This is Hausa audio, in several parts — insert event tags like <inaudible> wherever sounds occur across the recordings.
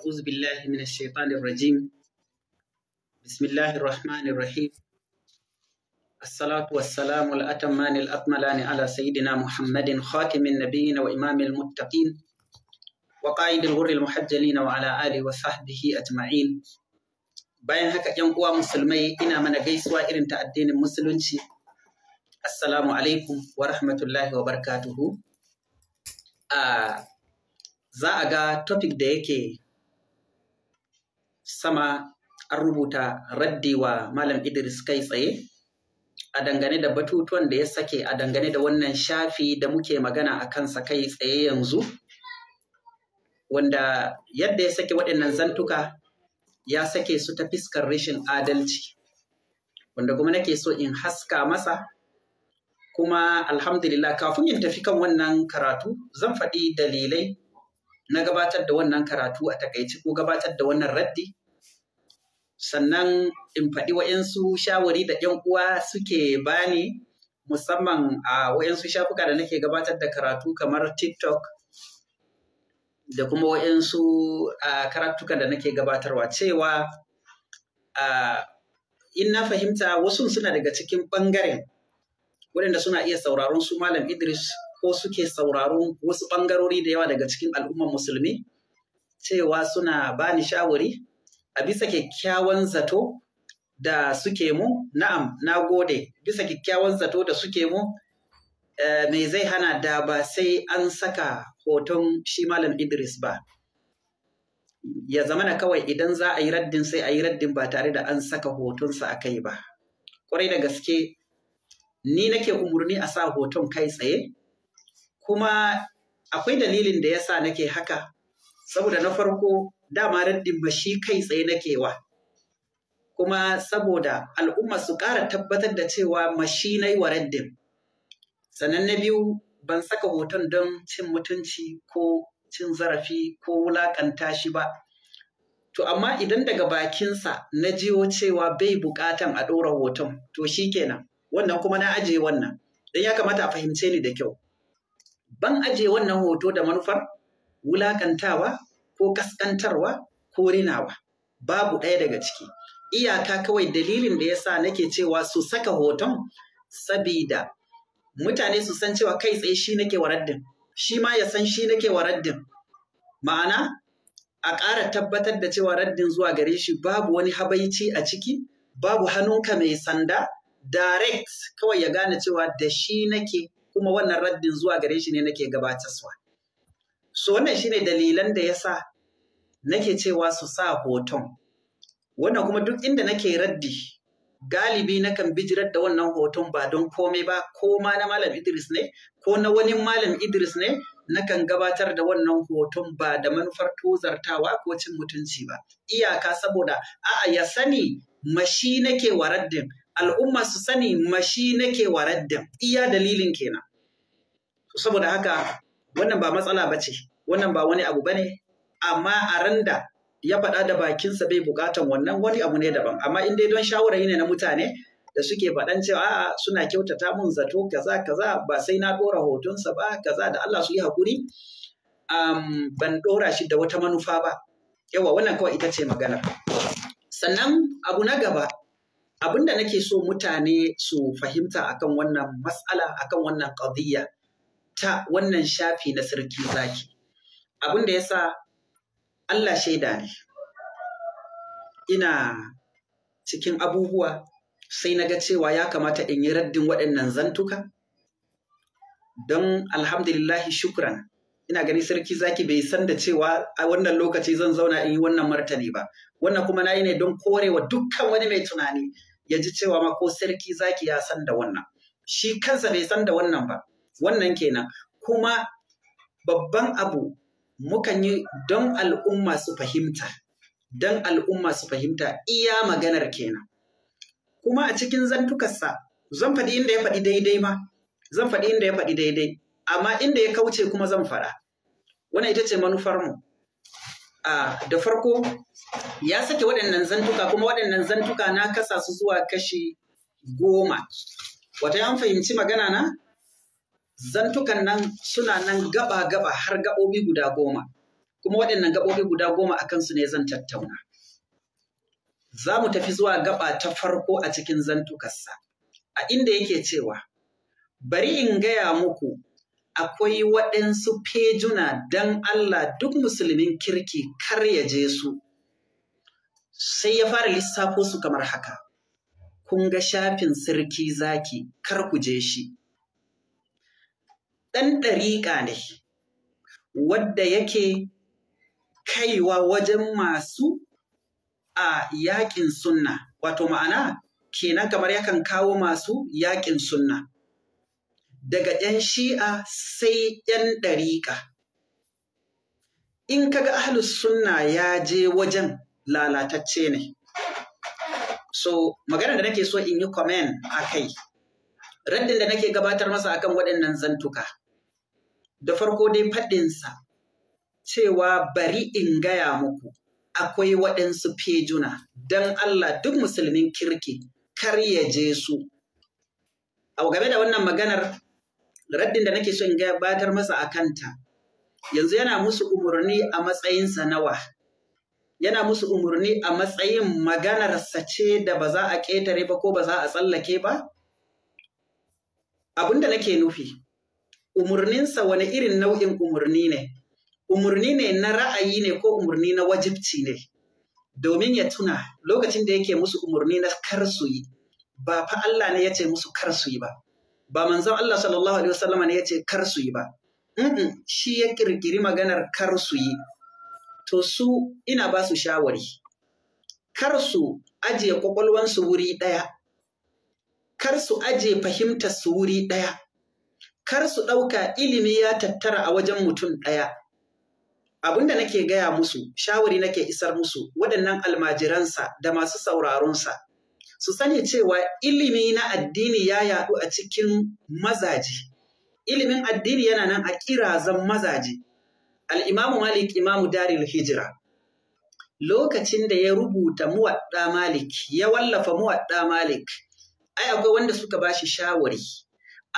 أعوذ بالله من الشيطان الرجيم بسم الله الرحمن الرحيم الصلاة والسلام الأتمان الأكملان على سيدنا محمد خاتم النبيين وإمام المتقين وقائد الغر المحجلين وعلى آله وصحبه أجمعين bayan haka ‘yan uwa musulmai ina mana gaisuwa irin ta addinin musulunci assalamu alaikum wa rahmatullahi wa barkatuhu za a ga topic da yake sama an rubuta raddi wa Malam Idris kai tsaye a dangane da batutuwan da ya sake a dangane da wannan shafi da muke magana a kansa kai tsaye yanzu wanda yadda ya sake waɗannan zantuka ya sake su ta fiskar rashin adalci wanda kuma nake so in haska masa kuma alhamdulillah kafin in tafi kan wannan karatu zan faɗi dalilai na gabatar da wannan karatu a takaici ko gabatar da wannan raddi sannan in faɗi wa'insu shawari da ‘yan uwa suke bani musamman a wa'insu shafuka da nake gabatar da karatu kamar TikTok da kuma wa'insu karatukan da nake gabatarwa cewa in na fahimta wasu suna daga cikin ɓangaren waɗanda suna iya sauraron su Malam Idris ko suke sauraron wasu ɓangarori da yawa daga cikin al'ummar musulmi cewa suna bani shawari a bisa kyakkyawan zato da suke mu na'am na gode bisa kyakkyawan zato da suke mu eh, mai zai hana da ba sai an saka hoton shi malam Idris ba ya zama na kawai idan za a yi raddin sai a yi raddin ba tare da an saka hotonsa a kai ba kwarai da gaske ni nake umarni a sa hoton kai tsaye kuma akwai dalilin da yasa nake haka saboda na farko dama raddin ba shi kai tsaye nake wa kuma saboda al'umma su ƙara tabbatar da cewa mashinai na yi wa raddin sannan na biyu ban saka hoton don cin mutunci ko cin zarafi ko wulaƙanta shi ba to amma idan daga bakinsa na jiwo cewa bai buƙatan a ɗora hoton to shi kenan wannan kuma na ajiye wannan don ya kamata a fahimce ni da kyau ban ajiye wannan hoto da manufar wulaƙantawa ko ƙasƙantarwa ko rinawa babu ɗaya daga ciki iyaka kawai dalilin da ya yasa nake cewa su saka hoton sabida mutane su san cewa kai tsaye shi nake waraddin shi ma ya san shi nake waraddin ma'ana a ƙara tabbatar da cewa raddin zuwa gare shi babu wani habaici a ciki babu hannunka mai sanda direct kawai ya gane cewa da shi nake kuma wannan raddin zuwa gare shi ne nake gabatarwa so wannan shine dalilan da ya sa. nake cewa su sa hoton. Wannan kuma duk inda nake raddi galibi nakan bijirar da wannan hoton ba don komai ba ko ma na Malam Idris ne ko na wani Malam Idris ne nakan gabatar da wannan hoton ba da manufar tozartawa ko cin mutunci ba. Iyaka saboda a'a ya sani mashi nake waraddin al'umma su sani mashi nake waraddin iya dalilin kenan. Saboda haka wannan ba matsala ba ce, wannan ba wani abu ba ne, amma a randa ya faɗa da bakinsa bai buƙatan wannan wani abu ne daban amma in dai don shawarayi ne na mutane da suke faɗan cewa a suna kyautata mun zato kaza kaza ba sai na ɗora hotonsa ba kaza da Allah su yi haƙuri um, ban ɗora shi da wata manufa ba yawa wannan kawai ita ce magana sannan abu na gaba abin da nake so mutane su fahimta akan wannan matsala akan wannan ƙadiyya ta wannan shafi na sarki zaki abin da sa. Allah shaida ne ina cikin abubuwa sai na ga cewa ya kamata in yi raddin waɗannan zantuka don alhamdulillahi shukran ina gani sarki zaki bai san da cewa a wannan lokaci zan zauna in yi wannan martani ba wannan kuma na yi ne don korewa dukkan wani mai tunani ya ji cewa ma ko sarki zaki ya san da wannan shi kansa bai san da wannan ba wannan kenan kuma babban abu mukan yi don al'umma su fahimta don al'umma su fahimta iya maganar kenan kuma a cikin zantukarsa zan faɗi inda ya faɗi daidai ma zan faɗi inda ya faɗi daidai amma inda ya kauce kuma zan faɗa Wani ita ce manufarmu mu da farko ya sake waɗannan zantuka kuma waɗannan zantuka na kasa su zuwa kashi goma wata an fahimci magana na zantukan nan suna nan gaba-gaba har gaɓoɓi guda goma, kuma waɗannan gaɓoɓi guda goma a kansu ne zan tattauna. Za mu tafi zuwa gaba ta farko a cikin zantukarsa, a inda yake cewa, bari in gaya muku akwai waɗansu fejuna don Allah duk musulmin kirki kar ya je su. Sai ya fara lissafo su kamar haka, kun ga shafin sarki zaki kar ku je shi. ɗan ɗariƙa ne wadda yake kaiwa wajen masu a yaƙin sunna wato ma'ana kenan kamar yakan kawo masu yaƙin sunna daga ‘yan shi'a sai ‘yan ɗariƙa in kaga ahlus sunna ya je wajen lalatacce ne so maganar da nake so in yi kwamen a kai raddin da nake gabatar masa akan waɗannan zantuka da farko dai faɗinsa cewa bari in gaya muku akwai waɗansu fejuna don Allah duk musulmin kirki kar ya je su. A game da wannan maganar raddin da nake so in batar masa a kanta yanzu yana musu umarni a matsayinsa nawa. Yana musu umarni a matsayin maganarsa ce da ba za a ƙetare ba ko ba za a tsallake ba? Abin da nake nufi. umarninsa wani irin nau'in umarni ne, umarni ne na ra'ayi ne ko umarni na wajibci ne, domin ya tuna lokacin da yake musu umarni na kar su yi, ba fa Allah ne ya ce musu kar su yi ba, ba manzon Allah sallallahu Alaihi wasallama ne ya ce kar su yi ba, mm shi ya kirkiri maganar kar su yi, to su ina ba su shawari, kar su ajiye kwakwalwansu wuri ɗaya, kar su ajiye fahimtar su wuri ɗaya. kar su ɗauka ilimi ya tattara a wajen mutum ɗaya. da nake gaya musu, shawari nake isar musu, waɗannan almajiransa da masu sauraronsa, su sani cewa ilimi na addini ya yaɗu a cikin mazaji. Ilimin addini yana nan a ƙirazan mazaji. Al'imamu Malik Imamu Daril Hijira. Lokacin da ya rubuta muwaɗɗa Malik, ya wallafa muwaɗa Malik, ai akwai wanda suka ba shi shawari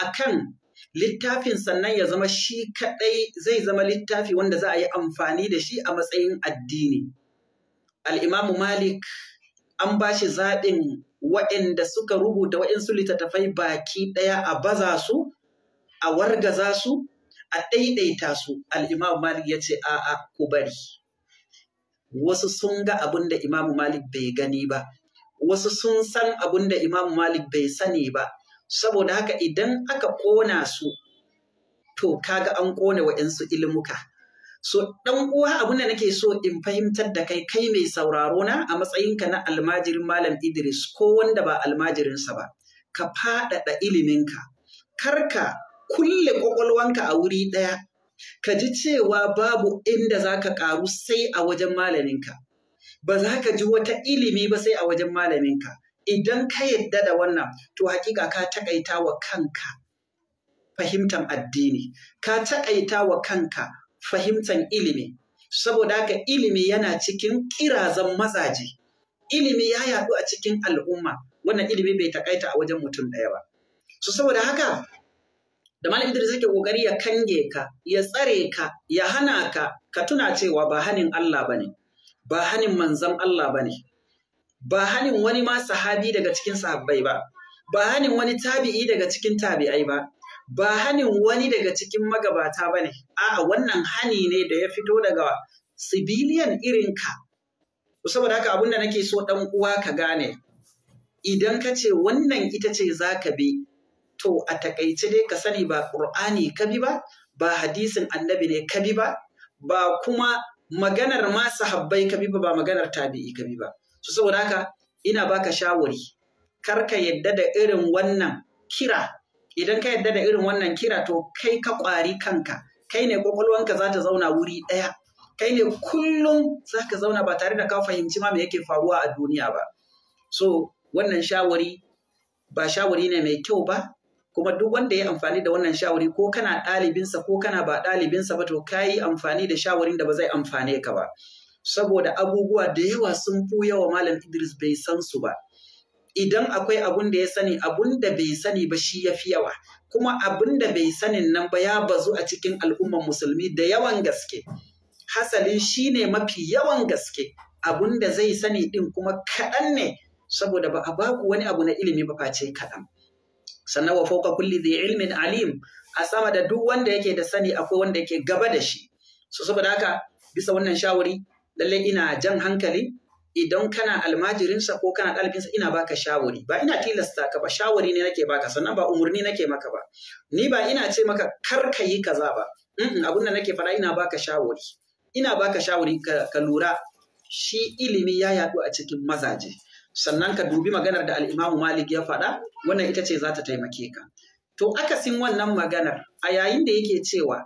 akan littafin sannan ya zama shi kaɗai zai zama littafi wanda za a yi amfani da shi a matsayin addini. Al'imamu Malik an ba shi zaɓin waɗanda suka rubuta waɗansu littattafai baki ɗaya a baza su, a wargaza su, a ɗaiɗaita su. Al'imamu Malik ya ce, A'a, ku bari. Wasu sun ga abin da Imamu Malik bai gani ba, wasu sun san abin da Imamu Malik bai sani ba. saboda haka idan aka ƙona su to kaga an ƙona waɗansu ilimuka so ɗan uwa abin da nake so in fahimtar da kai kai mai sauraro na a matsayinka na almajirin malam Idris ko wanda ba almajirinsa ba ka faɗaɗa iliminka kar ka kulle ƙwaƙwalwanka a wuri ɗaya ka ji cewa babu inda za ka ƙaru sai a wajen malaminka ba za ka ji wata ilimi ba sai a wajen malaminka idan ka yadda da wannan to hakika ka takaita wa kanka fahimtar addini ka takaita wa kanka fahimtar ilimi saboda haka ilimi yana cikin kirazan mazaje ilimi ya yaɗu a cikin al'umma wannan ilimi bai takaita a wajen mutum ɗaya ba so saboda haka da malam Idris yake kokari ya kange ka ya tsare ka ya hana ka ka tuna cewa ba hanin Allah bane ba hanin manzon Allah bane ba hanin wani ma sahabi daga cikin sahabbai ba ba hanin wani tabi'i daga cikin tabi'ai ba ba hanin wani daga cikin magabata ba ne a'a wannan hani ne da ya fito daga sibiliyan irinka saboda haka abin da nake so ɗan uwa ka gane idan ka ce wannan ita ce za ka bi to a takaice dai ka sani ba ƙur'ani ka bi ba ba hadisin annabi ne ka bi ba ba kuma maganar ma sahabbai ka bi ba ba maganar tabi'i ka bi ba su saboda haka ina baka shawari kar ka yadda da irin wannan kira idan ka yadda da irin wannan kira to kai ka kwari kanka kai ne kwakwalwanka za ta zauna wuri ɗaya kai ne kullum za ka zauna ba tare da ka fahimci ma me yake faruwa a duniya ba so wannan shawari ba shawari ne mai kyau ba kuma duk wanda ya amfani da wannan shawari ko kana ɗalibinsa ko kana ba ɗalibinsa ba to ka yi amfani da shawarin da ba zai amfane ka ba. saboda abubuwa da yawa sun fi yawa Malam Idris bai san su ba. Idan akwai abun da ya sani, abun da bai sani ba shi ya fi yawa, kuma abun da bai sanin nan ba ya bazu a cikin al'ummar musulmi da yawan gaske. Hasalin shi ne mafi yawan gaske, abun da zai sani ɗin kuma kaɗan ne, saboda ba a baku wani abu na ilimi ba face kaɗan. Sannan wa fauka kulli da ilmin alim, a sama da duk wanda yake da sani akwai wanda yake gaba da shi. So saboda haka bisa wannan shawari lalle ina jan hankali idan kana almajirinsa ko kana ɗalibinsa ina baka shawari ba ina tilasta ka ba shawari ne nake baka sannan ba umurni nake maka ba ni ba ina ce maka kar ka yi kaza ba abin da nake faɗa ina baka shawari ina baka shawari ka lura shi ilimi ya yaɗu a cikin mazaje sannan ka dubi maganar da al'imamu malik ya faɗa wannan ita ce za ta taimake ka to akasin wannan maganar a yayin da yake cewa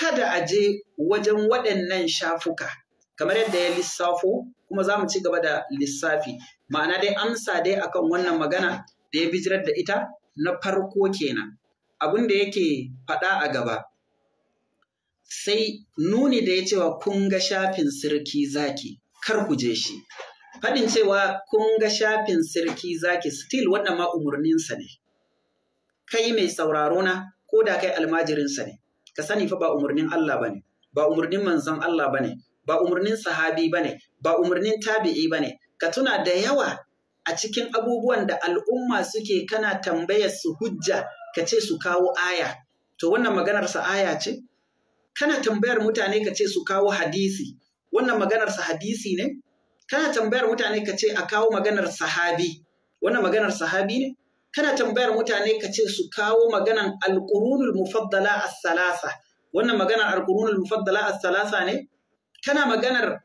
kada a je wajen waɗannan shafuka kamar yadda ya lissafo kuma za mu ci gaba da lissafi ma'ana dai amsa dai akan wannan magana da ya bijirar da ita na farko kenan abin da yake faɗa a gaba sai nuni da ya cewa kun ga shafin sirki zaki kar ku je shi faɗin cewa kun ga shafin sirki zaki still wannan ma umarninsa ne kai mai sauraro na ko da kai almajirinsa ne ka sani fa ba umarnin Allah bane ba umarnin manzon Allah bane ba umarnin sahabi ba ne, ba umarnin tabi'i ba ne. Ka tuna da yawa a cikin abubuwan da al'umma suke kana tambayar su hujja ka ce su kawo aya. To wannan maganarsa aya ce? Kana tambayar mutane ka ce su kawo hadisi, wannan maganarsa hadisi ne? Kana tambayar mutane ka ce a kawo maganar sahabi, wannan maganar sahabi ne? Kana tambayar mutane ka ce su kawo maganar alƙurunul mufaddala as-salasa, wannan maganar alƙurunul mufaddala as-salasa ne? kana maganar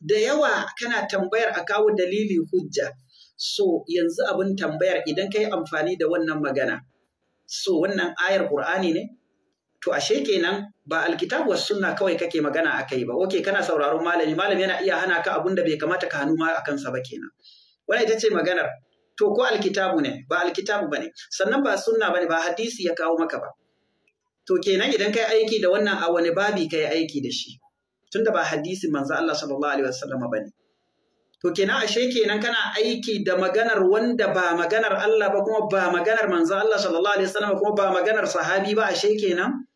da yawa kana tambayar a kawo dalili hujja so yanzu abin tambayar idan ka yi amfani da wannan magana so wannan ayar ƙur'ani ne to ashe kenan ba alkitabu was sunna kawai kake magana a kai ba oke kana sauraron malami malami yana iya hana ka abun da bai kamata ka hannu ma a kansa ba kenan wannan ita ce maganar to ko alkitabu ne ba alkitabu bane sannan ba sunna bane ba hadisi ya kawo maka ba to kenan idan kai aiki da wannan a wani babi kai aiki da shi tunda ba hadisin manzo Allah sallallahu alaihi wasallam bane to kenan ashe kenan kana aiki da maganar wanda ba maganar Allah ba kuma ba maganar manzo Allah sallallahu alaihi wasallam kuma ba maganar sahabi ba ashe kenan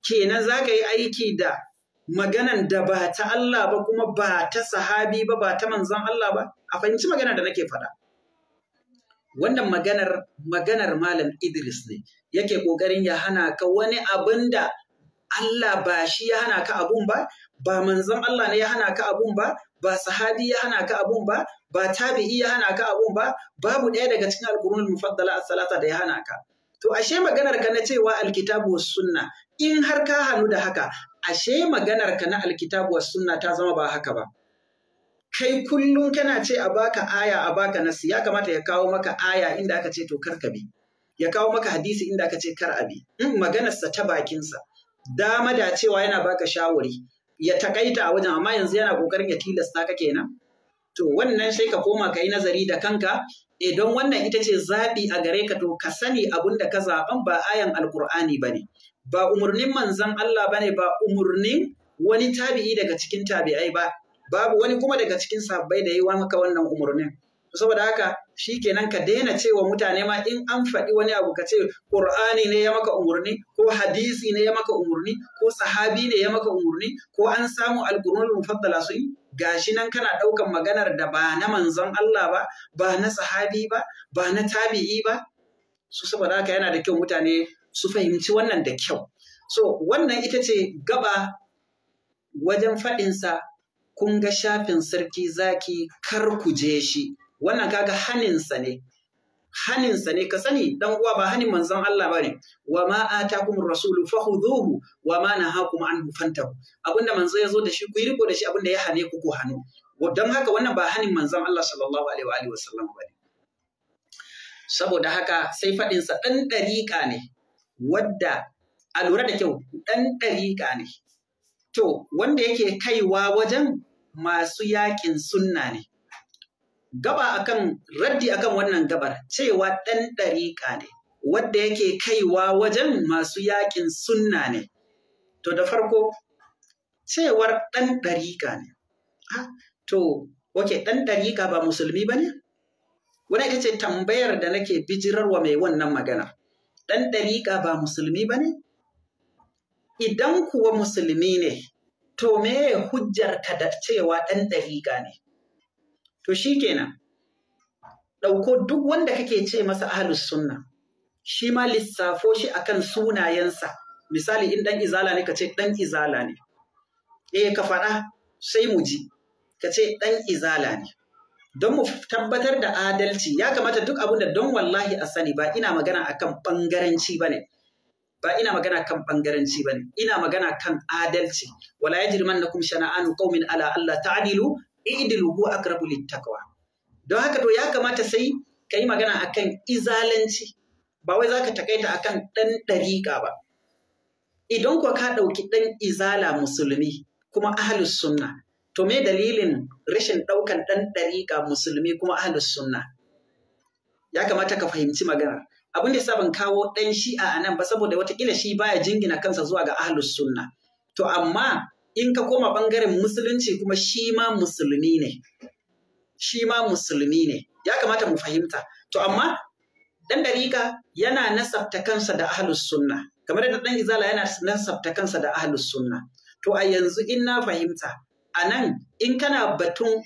kenan zaka yi aiki da maganar da ba ta Allah ba kuma ba ta sahabi ba ba ta manzon Allah ba a fahimci maganar da nake faɗa wannan maganar maganar malam Idris ne yake kokarin ya hana ka wani abin da Allah ba shi ya hana ka abun ba, ba manzon Allah ne ya hana ka abun ba, ba sahabi ya hana ka abun ba, ba tabi'i ya hana ka abun ba, babu ɗaya daga cikin alƙurunul mufaddala as-salata da ya hana ka. To ashe maganar ka na cewa alkitabu was sunna in har ka hannu da haka ashe maganar ka na alkitabu was sunna ta zama ba haka ba. Kai kullum kana ce a baka aya a baka nasi ya kamata ya kawo maka aya inda aka ce to kar ka bi. Ya kawo maka hadisi inda aka ce kar a bi. Hmm, maganarsa ta bakinsa. dama da cewa yana baka shawari ya takaita a wajen amma yanzu yana kokarin ya tilasta ka kenan to wannan sai ka koma ka yi nazari da kanka idan eh, wannan ita ce zaɓi a gare ka to ka sani abun da ka zaɓan ba ayan alkur'ani ba ne ba umarnin manzan Allah ba ba umarnin wani tabi'i daga cikin tabi'ai ba babu wani kuma daga cikin sabbai da yi wa maka wannan umarnin saboda haka shi kenan ka daina cewa mutane ma in an faɗi wani abu ka ce ƙur'ani ne ya maka umarni ko hadisi ne ya maka umarni ko sahabi ne ya maka umarni ko an samu alƙur'anul mufaddala sun gashi nan kana ɗaukan maganar da ba na manzon Allah ba ba na sahabi ba ba na tabi'i ba su saboda haka yana da kyau mutane su fahimci wannan da kyau so wannan ita ce gaba wajen faɗinsa kun ga shafin sarki zaki kar ku je shi wannan kaga haninsa ne haninsa ne ka sani dan uwa ba hanin manzon Allah bane wa ma atakum rasulu fakhuduhu wa ma nahakum anhu fantahu abinda manzo ya zo da shi ku yi riko da shi abinda ya hane ku ku hano don haka wannan ba hanin manzon Allah sallallahu alaihi wa alihi wasallam bane saboda haka sai faɗinsa ɗan ɗariƙa ne wadda a lura da kyau ɗan ɗariƙa ne to wanda yake kaiwa wajen masu yaƙin sunna ne gaba akan raddi akan wannan gabar cewa ɗan ɗariƙa ne wadda yake kaiwa wajen masu yaƙin sunna ne to da farko cewar ɗan ɗariƙa ne to wake ɗan ɗariƙa ba musulmi ba ne wani ita ce tambayar da nake bijirarwa mai wannan magana ɗan ɗariƙa ba musulmi ba ne idan kuwa musulmi ne to me hujjar ka da cewa ɗan ɗariƙa ne to shi kenan ɗauko duk wanda kake ce masa ahalus sunna shi ma lissafo shi akan sunayensa misali in ɗan izala ne ka ce ɗan izala ne eh ka faɗa sai mu ji ka ce ɗan izala ne don mu tabbatar da adalci ya kamata duk abin da don wallahi a sani ba ina magana akan ba ne, ba ina magana kan ba ne, ina magana kan adalci wala ya na kuma shana'anu ƙaumin ala allah ta'adilu idil akrabu aqrabu littaqwa don haka to ya kamata sai ka yi magana akan izalanci ba wai zaka takaita akan ɗan ɗariƙa ba idan ko ka ɗauki ɗan izala musulmi kuma ahlus sunna to me dalilin rashin ɗaukan ɗan ɗariƙa musulmi kuma ahlus sunna ya kamata ka fahimci magana abin da yasa ban kawo ɗan shi'a anan ba saboda wata kila shi baya jingina kansa zuwa ga ahlus sunna to amma in ka koma ɓangaren musulunci kuma shi ma musulmi ne shi ma musulmi ne ya kamata mu fahimta to amma ɗan dariƙa yana nasabta kansa da ahlus sunna kamar da ɗan izala yana nasabta kansa da ahlus sunna to a yanzu in na fahimta a nan in kana batun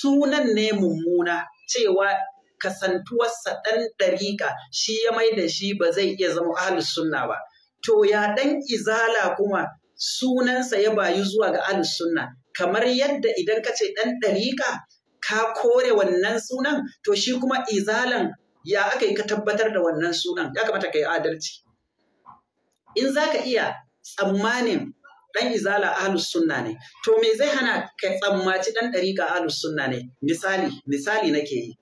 sunan ne mummuna cewa kasantuwarsa ɗan ɗariƙa shi ya mai da shi ba zai iya zama ahlus sunna ba to ya ɗan izala kuma sunansa ya bayu zuwa ga ahlus sunna kamar yadda idan ka ce ɗan ɗariƙa ka kore wannan sunan to shi kuma izalan ya aka yi ka tabbatar da wannan sunan ya kamata ka yi adalci in za ka iya tsammanin ɗan izala ahlus sunna ne to me zai hana ka tsammaci ɗan ɗariƙa ahlus sunna ne misali misali nake yi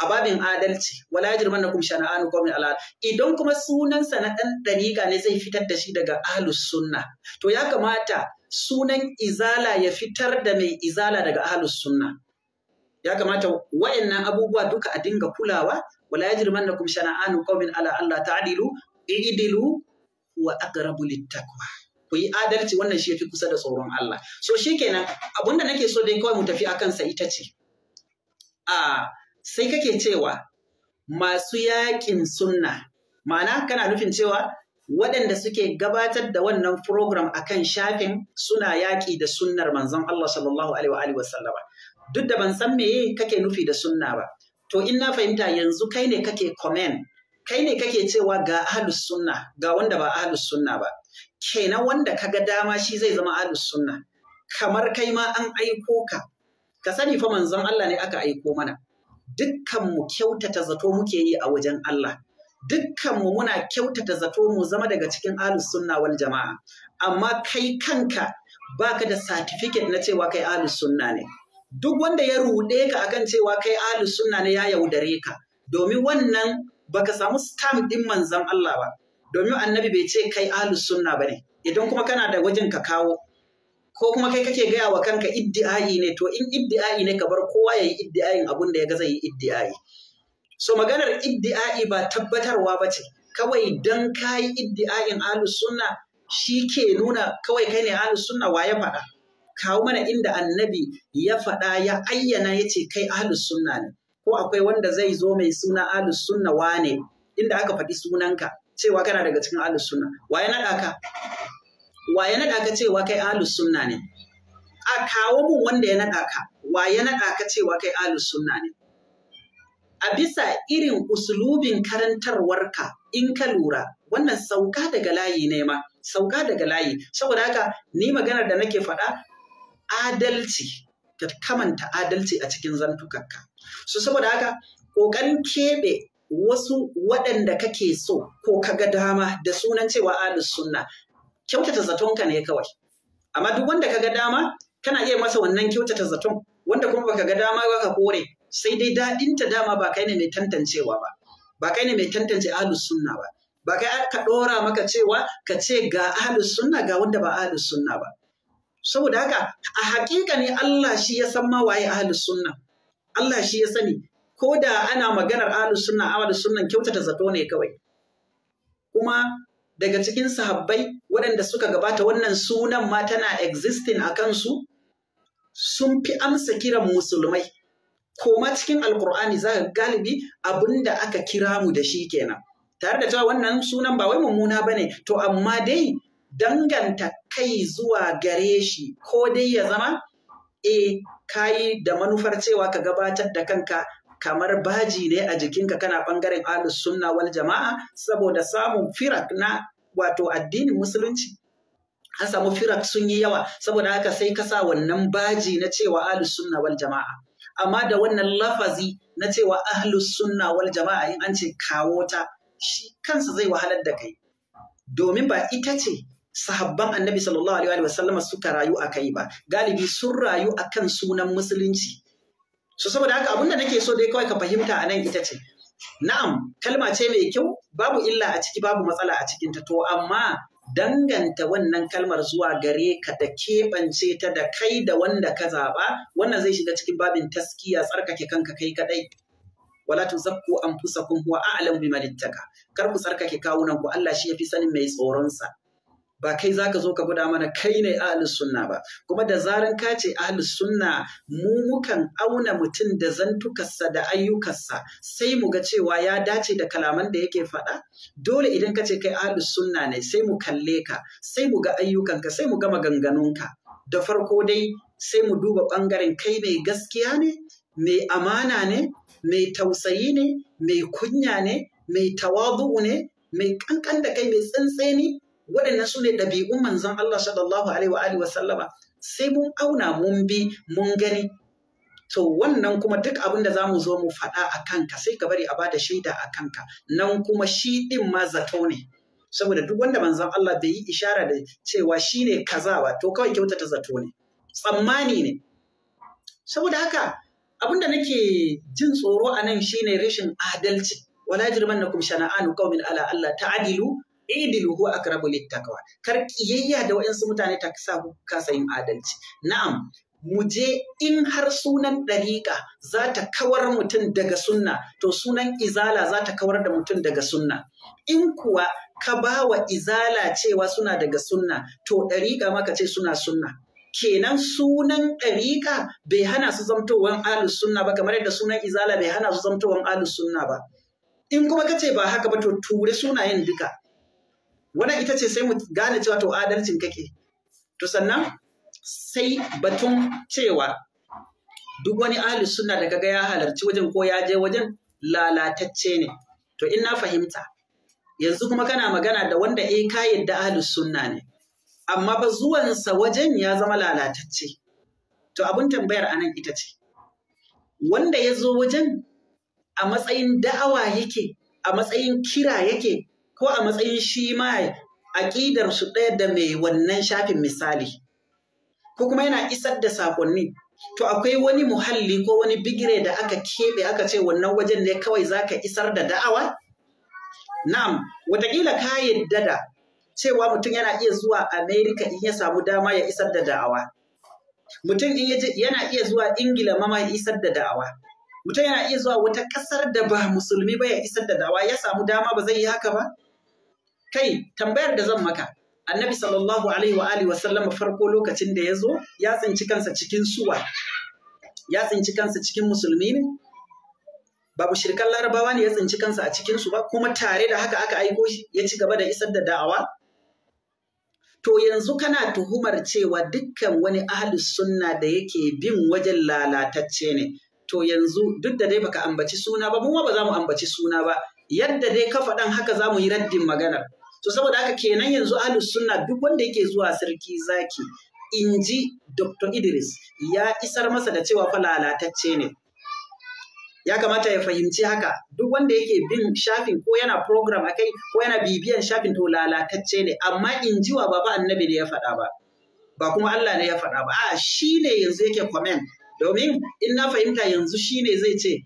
a babin adalci wala yajrimannakum shana'anu qawmin ala idan kuma sunansa na ɗan ɗariƙa ne zai fitar da shi daga ahlus sunna to ya kamata sunan izala ya fitar da mai izala daga ahlus sunna ya kamata nan abubuwa duka a dinga kulawa wala yajrimannakum shana'anu qawmin ala alla ta'dilu idilu wa aqrabu littaqwa ku yi adalci wannan shi yafi kusa da tsoron Allah so kenan, abunda nake so dai kawai mu tafi akan sa ita ce a sai kake cewa masu yakin sunna ma'ana kana nufin cewa waɗanda suke gabatar da wannan program a kan shafin suna yaƙi da sunnar manzon Allah sallallahu alaihi wa sallama duk da ban san meye kake nufi da sunna ba to in na fahimta yanzu kai ne kake comment kai ne kake cewa ga ahlus sunna ga wanda ba ahlus sunna ba kenan wanda kaga dama shi zai zama ahlus sunna kamar kai ma an aiko ka ka sani fa manzon Allah ne aka aiko mana Dukkanmu kyautata zato muke yi a wajen Allah dukkanmu muna kyautata zato mu zama daga cikin alus sunna wal jama'a amma kai kanka baka da satifiket na cewa kai alus sunna ne duk wanda ya ruɗe ka a kan cewa kai alus sunna ne ya yaudare ka domin wannan baka samu stamp din manzon Allah ba domin annabi bai ce kai alus sunna ba ne idan kuma kana da wajen ka kawo ko kuma kai kake gaya wa kanka iddi'ai ne to in iddi'ai ne ka bar kowa ya yi iddi'ain abun da ya ga zai yi iddi'ai so maganar iddi'ai ba tabbatarwa ba ce kawai dan ka yi iddi'ain ahlus sunna shi ke nuna kawai kai ne ahlus sunna wa ya faɗa kawo mana inda annabi ya faɗa ya ayyana ya ce kai ahlus sunna ne ko akwai wanda zai zo mai suna ahlus sunna ne inda aka faɗi sunanka cewa kana daga cikin ahlus wa ya naɗa ka wa ya naɗa ka cewa kai alus sunna ne a kawo mun wanda ya naɗa ka wa ya naɗa ka cewa kai alus sunna ne a bisa irin usulubin karantarwarka in ka lura wannan sauka daga layi ne ma sauka daga layi saboda haka ni maganar da nake faɗa adalci ka kamanta adalci a cikin zantukanka su saboda haka ƙoƙarin keɓe wasu waɗanda kake so ko ka ga dama da sunan cewa alusunna. sunna kyautata zatonka ne kawai amma duk wanda ka ga dama kana iya masa wannan kyautata zaton wanda kuma baka ga dama ba ka kore sai dai daɗinta dama ba kai ne mai tantancewa ba ba kai ne mai tantance ahlus sunna ba ba kai ka ɗora maka cewa ka ce ga ahlus sunna ga wanda ba ahlus sunna ba saboda haka a hakika ne Allah shi ya san ma waye ahlus sunna Allah shi ya sani ko da ana maganar ahlus sunna ahlus sunna kyautata zato ne kawai kuma daga cikin sahabbai waɗanda suka gabata wannan sunan ma tana existing a kansu sun fi amsa kiran musulmai koma cikin alkur'ani za ka galibi abin da aka kira mu da shi kenan tare da cewa wannan sunan ba wai mummuna ba ne to amma dai danganta kai zuwa gare shi ko dai ya zama e eh, kayi da manufar cewa ka gabatar da kanka kamar baji ne a jikinka kana ɓangaren ahlus sunna wal jama'a saboda samun firak na wato addinin musulunci an samu firak sun yi yawa saboda haka sai ka sa wannan baji na cewa ahlus sunna wal jama'a amma da wannan lafazi na cewa ahlus sunna wal jama'a in an ce kawo ta shi kansa zai wahalar da kai domin ba ita ce sahabban annabi sallallahu alaihi wa sallama suka rayu a kai ba galibi sun rayu akan sunan musulunci so saboda haka abin da nake so dai kawai ka fahimta a nan ita ce na'am kalma ce mai kyau babu illa a ciki babu matsala a cikinta to amma danganta wannan kalmar zuwa gare ka da keɓance ta da kai da wanda ka zaɓa wannan zai shiga cikin babin taskiya tsarkake kanka kai kaɗai wala an fusa kun huwa a'lamu bi malittaka. kar ku tsarkake kawunan ku Allah shi ya fi sanin mai tsoronsa. ba kai za ka zo ka guda mana kai ne ahlus sunna ba kuma da zaran ka ce ahlus sunna mu mukan auna mutum da zantukarsa da ayyukarsa sai mu ga cewa ya dace da kalaman da yake faɗa dole idan ka ce kai ahlus sunna ne sai mu kalle ka sai mu ga ayyukanka sai mu ga maganganunka da farko dai sai mu duba ɓangaren kai mai gaskiya ne mai amana ne mai tausayi ne mai kunya ne mai tawadu ne mai kankan da kai mai tsantseni waɗannan su ne ɗabi'un manzon Allah sallallahu alaihi wa sallama sai mun auna mun bi mun gani to wannan kuma duk abin da za zo mu faɗa a kanka sai ka bari a bada shaida a kanka nan kuma shi ɗin ma zato ne saboda duk wanda manzon Allah bai yi ishara da cewa shine ne kaza ba to kawai kyautata zato ne tsammani ne saboda haka abin da nake jin tsoro a nan shine rashin adalci wala jirmannakum shana'anu qaumin ala Allah ta'adilu idilu huwa aqrabu littaqwa kar kiyayya da waɗansu mutane ta sa ku kasa yin adalci na'am mu je in har sunan ɗariƙa za ta kawar mutum daga sunna to sunan izala za ta kawar da mutum daga sunna in kuwa ka ba wa izala cewa suna daga sunna to ɗariƙa maka ce suna sunna kenan sunan ɗariƙa bai hana su zamtowan alus sunna ba kamar yadda sunan izala bai hana su zamtowan alu sunna ba in kuma ka ce ba haka ba to ture sunayen duka wannan ita ce sai mu gane cewa to adalcin kake to sannan sai batun cewa duk wani ahli sunna da kaga ya halarci wajen ko ya je wajen lalatacce ne to in na fahimta yanzu kuma kana magana da wanda eh ka yadda ahli sunna ne amma ba zuwansa wajen ya zama lalatacce to abun tambayar anan ita ce wanda ya zo wajen a matsayin da'awa yake a matsayin kira yake ko a matsayin shi ma aƙidar su ɗaya da mai wannan shafin misali ko kuma yana isar da sakonni to akwai wani muhalli ko wani bigire da aka keɓe aka ce wannan wajen ne kawai za ka isar da da'awa na'am wataƙila ka yadda da cewa mutum yana iya zuwa Amerika in ya samu dama ya isar da da'awa mutum yana iya zuwa Ingila ma ya isar da da'awa mutum yana iya zuwa wata ƙasar da ba musulmi ba ya isar da da'awa ya samu dama ba zai yi haka ba kai tambayar da zan maka annabi sallallahu alaihi wa alihi wasallam farko lokacin da yazo zo ya tsinci kansa cikin suwa ya tsinci kansa cikin musulmi ne babu shirkan larabawa ne ya tsinci kansa a cikin su ba kuma tare da haka aka aiko shi ya ci gaba da isar da da'awa to yanzu kana tuhumar cewa dukkan wani ahli sunna da yake bin wajen lalatacce ne to yanzu duk da dai baka ambaci suna ba mu ba za mu ambaci suna ba yadda dai ka faɗan haka za mu yi raddin maganar to saboda haka kenan yanzu ahlus sunna duk wanda yake zuwa sarki zaki in ji Dr. Idris ya isar masa da cewa fa lalatacce ne. Ya kamata ya fahimci haka duk wanda yake bin shafin ko yana program akai ko yana bibiyan shafin to lalatacce ne amma in ji wa baba annabi ne ya faɗa ba. Ba kuma Allah ne ya faɗa ba. A shi ne yanzu yake comment domin in na fahimta yanzu shi ne zai ce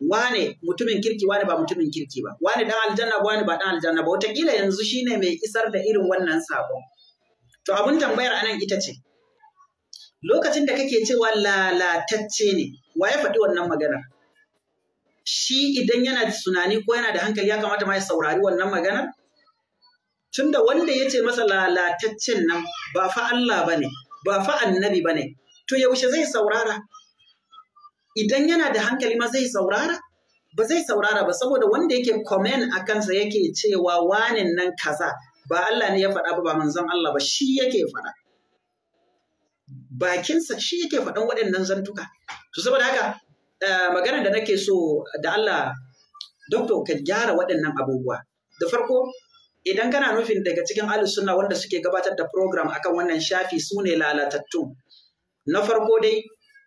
wane mutumin kirki wane ba mutumin kirki ba wane dan aljanna ba wane ba dan aljanna ba wataƙila yanzu shine mai isar da irin wannan sako to abun tambayar anan ita ce lokacin da kake cewa lalatacce ne wa ya faɗi wannan maganar shi idan yana da tunani ko yana da hankali ya kamata ma ya saurari wannan maganar tunda wanda ya ce masa lalataccen nan ba fa Allah bane ba fa annabi bane to yaushe zai saurara idan yana da hankali ma zai saurara ba zai saurara ba saboda wanda yake komen a kansa yake cewa wanin nan kaza ba Allah ne ya faɗa ba ba manzon Allah ba shi yake faɗa bakinsa shi yake faɗan waɗannan zantuka to saboda haka eh, maganar da nake so da Allah doktor ka gyara waɗannan abubuwa da farko idan kana nufin daga cikin suna wanda suke gabatar da program akan wannan shafi su ne lalatattun na farko dai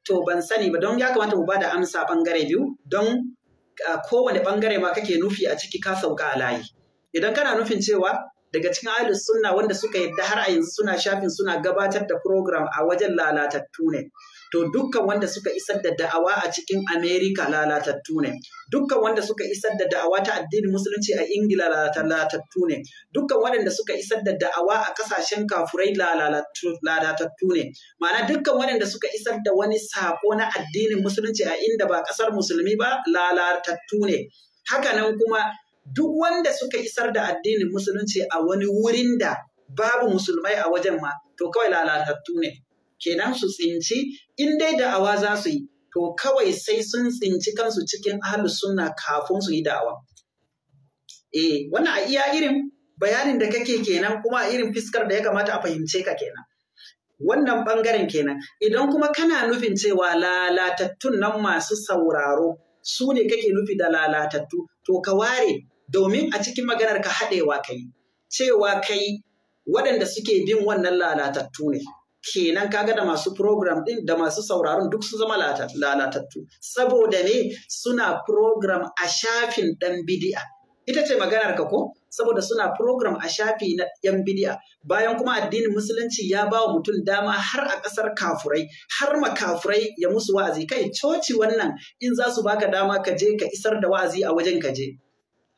to ban sani ba don ya kamata mu bada amsa bangare biyu don kowane bangare ma kake nufi a ciki ka sauka a layi idan kana nufin cewa daga cikin ahlus sunna wanda suka yadda har a yanzu suna shafin suna gabatar da program a wajen lalatattu ne to dukkan wanda suka isar da da'awa a cikin Amerika lalatattu ne dukkan wanda suka isar da da'awa ta addinin musulunci a Ingila lalatattu ne dukkan waɗanda suka isar da da'awa a kasashen kafurai lalatattu ne ma'ana dukkan waɗanda suka isar da wani saƙo na addinin musulunci a inda ba ƙasar musulmi ba lalatattu ne hakanan kuma duk wanda suka isar da addinin musulunci a wani wurin da babu musulmai a wajen ma to kawai lalatattu ne kenan su tsinci in dai da'awa za su yi to kawai sai sun tsinci kansu cikin ahlus sunna kafin su yi da'awa eh wannan a iya irin bayanin da kake kenan kuma a irin fiskar da ya kamata a fahimce ka kenan wannan bangaren kenan idan kuma kana nufin cewa lalatattun nan masu sauraro su ne kake nufi da lalatattu to ka ware domin a cikin maganar ka haɗewa kai cewa kai waɗanda suke bin wannan lalatattu ne kenan kaga da masu program din da masu sauraron duk su zama lalatattu saboda ne suna program a shafin ɗan bidi'a ita ce maganar ka ko saboda suna program a shafi na yan bidi'a bayan kuma addinin musulunci ya ba wa mutum dama har a ƙasar kafurai har ma kafurai ya musu wa'azi kai coci wannan in za su baka dama ka je ka isar da wa'azi a wajen ka je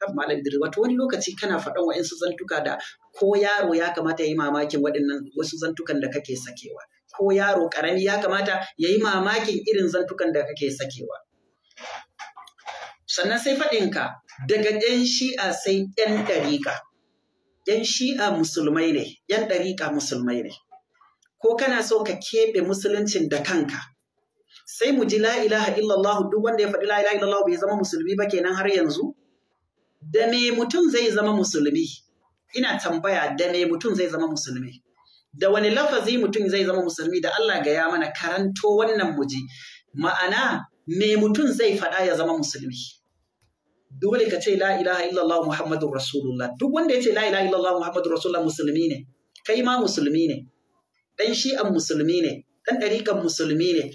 kan malam wato wani lokaci kana faɗan wa'insu zantuka da ko yaro ya kamata ya yi mamakin waɗannan wasu zantukan da kake sakewa ko yaro ƙarami ya kamata ya yi mamakin irin zantukan da kake sakewa sannan sai faɗinka daga 'yan shi'a sai 'yan ɗariƙa 'yan shi'a musulmai ne ɗan ɗariƙa musulmai ne ko kana so ka keɓe musuluncin da kanka sai mu ji la ilaha illallah duk wanda ya faɗi la ilaha illallah bai zama musulmi ba kenan har yanzu da me mutum zai zama musulmi ina tambaya da me mutum zai zama musulmi da wani lafazi mutum zai zama musulmi da Allah gaya mana karanto wannan muji ma'ana me mutum zai faɗa ya zama musulmi dole ka ce la ilaha illallah muhammadur rasulullah duk wanda ya ce la ilaha illallah muhammadur rasulullah musulmi ne kai ma musulmi ne dan shi'an musulmi ne dan ɗarikan musulmi ne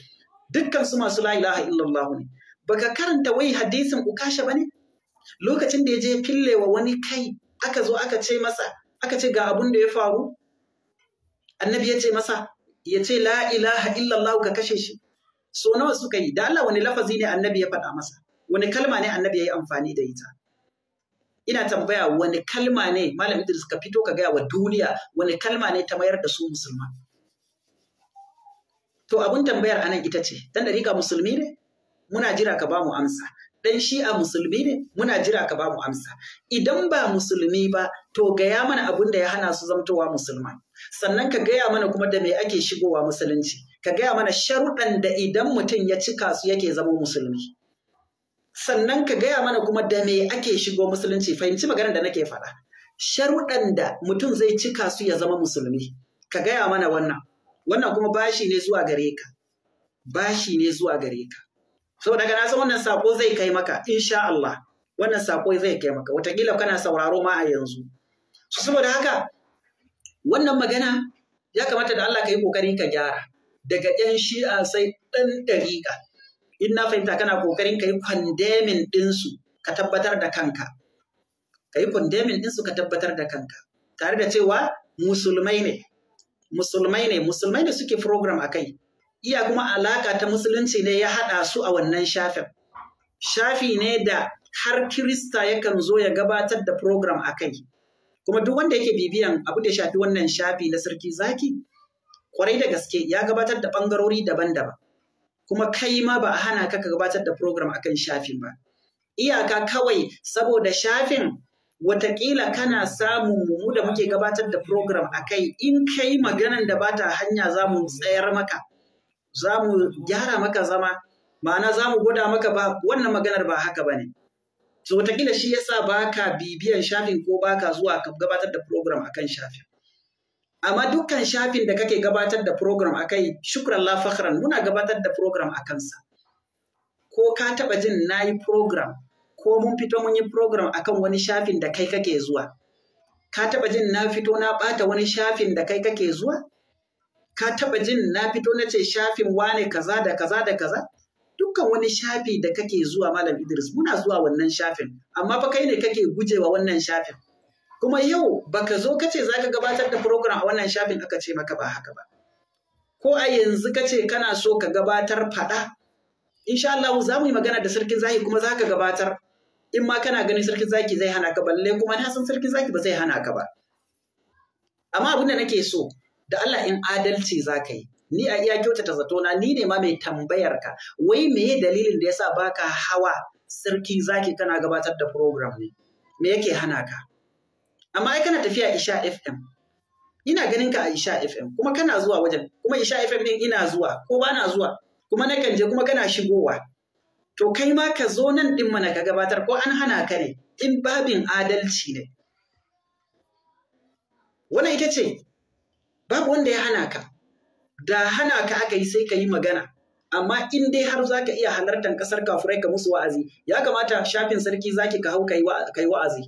dukkan su masu la ilaha illallah ne baka karanta wai hadisin ukasha bane lokacin da ya je fillewa wani kai aka zo aka ce masa aka ce ga abun da ya faru annabi ya ce masa ya ce la ilaha illallah ka kashe shi so nawa suka yi da Allah wani lafazi ne annabi ya faɗa masa wani kalma ne annabi ya yi amfani da ita ina tambaya wani kalma ne malam Idris ka fito ka gaya wa duniya wani kalma ne ta mayar da su musulma to abun tambayar anan ita ce dan dariƙa musulmi ne muna jira ka ba mu amsa ɗan shi'a musulmi ne muna jira ka ba mu amsa idan ba musulmi ba to gaya mana abun da ya hana su zamtowa musulma sannan ka gaya mana kuma da me ake shigowa musulunci ka gaya mana sharuɗan da idan mutum ya cika su yake zama musulmi sannan ka gaya mana kuma da me ake shigo musulunci fahimci maganar da nake faɗa sharuɗan da mutum zai cika su ya zama musulmi ka gaya mana wannan wannan kuma bashi ne zuwa gare ka bashi ne zuwa gare ka saboda ga na wannan sako zai kai maka insha Allah wannan sako zai kai maka wataƙila kana sauraro ma a yanzu so saboda haka wannan magana ya kamata da Allah ka yi kokarin ka gyara daga ƴan shi'a sai ɗan ɗariƙa in na fahimta kana kokarin ka yi kwandemin ɗinsu ka tabbatar da kanka ka yi kwandemin ɗinsu ka tabbatar da kanka tare da cewa musulmai ne musulmai ne musulmai ne suke program a kai iya kuma alaka ta musulunci ne ya haɗa su a wannan shafin. Shafi ne da har Kirista yakan zo ya gabatar da program a kai. Kuma duk wanda yake bibiyan abu da shafi wannan shafi na sarki zaki, kwarai da gaske ya gabatar da ɓangarori daban-daban. Kuma kai ma ba a hana ka ka gabatar da program akan shafin ba. Iyaka kawai saboda shafin watakila kana samu mu da muke gabatar da program a kai in kai maganan da bata hanya za mu tsayar maka za mu gyara maka zama ma'ana za mu gwada maka ba wannan maganar ba haka ba ne so wataƙila shi yasa ba ka bibiyan shafin ko ba ka zuwa ka gabatar da program akan shafin amma dukkan shafin da kake gabatar da program akai shukran la fakhran muna gabatar da program a kansa ko ka taba jin na yi program ko mun fito mun yi program akan wani shafin da kai kake zuwa ka taba jin na fito na ɓata wani shafin da kai kake zuwa ka taɓa jin na fito na ce shafin wane kaza da kaza da kaza dukkan wani shafi da kake zuwa malam Idris muna zuwa wannan shafin amma fa kai ne kake gujewa wannan shafin kuma yau baka zo kace zaka gabatar da program a wannan shafin aka ce maka ba haka ba ko a yanzu kace kana so ka gabatar fada insha Allah za mu yi magana da sarkin zaki kuma zaka gabatar in ma kana ganin sarkin zaki zai hana ka balle kuma na san sarkin zaki ba zai hana ka ba amma abin da nake so da Allah in adalci za ka yi ni a iya kyautata zatona ni ne ma mai tambayar ka wai meye dalilin da ya yasa baka hawa sarki zaki kana gabatar da program ne me yake hana ka amma ai kana tafiya Isha FM ina ganin ka a Isha FM kuma kana zuwa wajen kuma Isha FM ɗin ina zuwa ko ba na zuwa kuma kan je kuma kana shigowa to kai ma ka zo nan ɗin mana ka gabatar ko an hana ka ne in babin adalci ne wannan ita ce babu wanda ya hana ka da hana ka aka yi sai ka yi magana amma in dai har za ka iya halartar ƙasar kafurai ka musu wa'azi ya kamata shafin sarki za ka hau ka yi wa'azi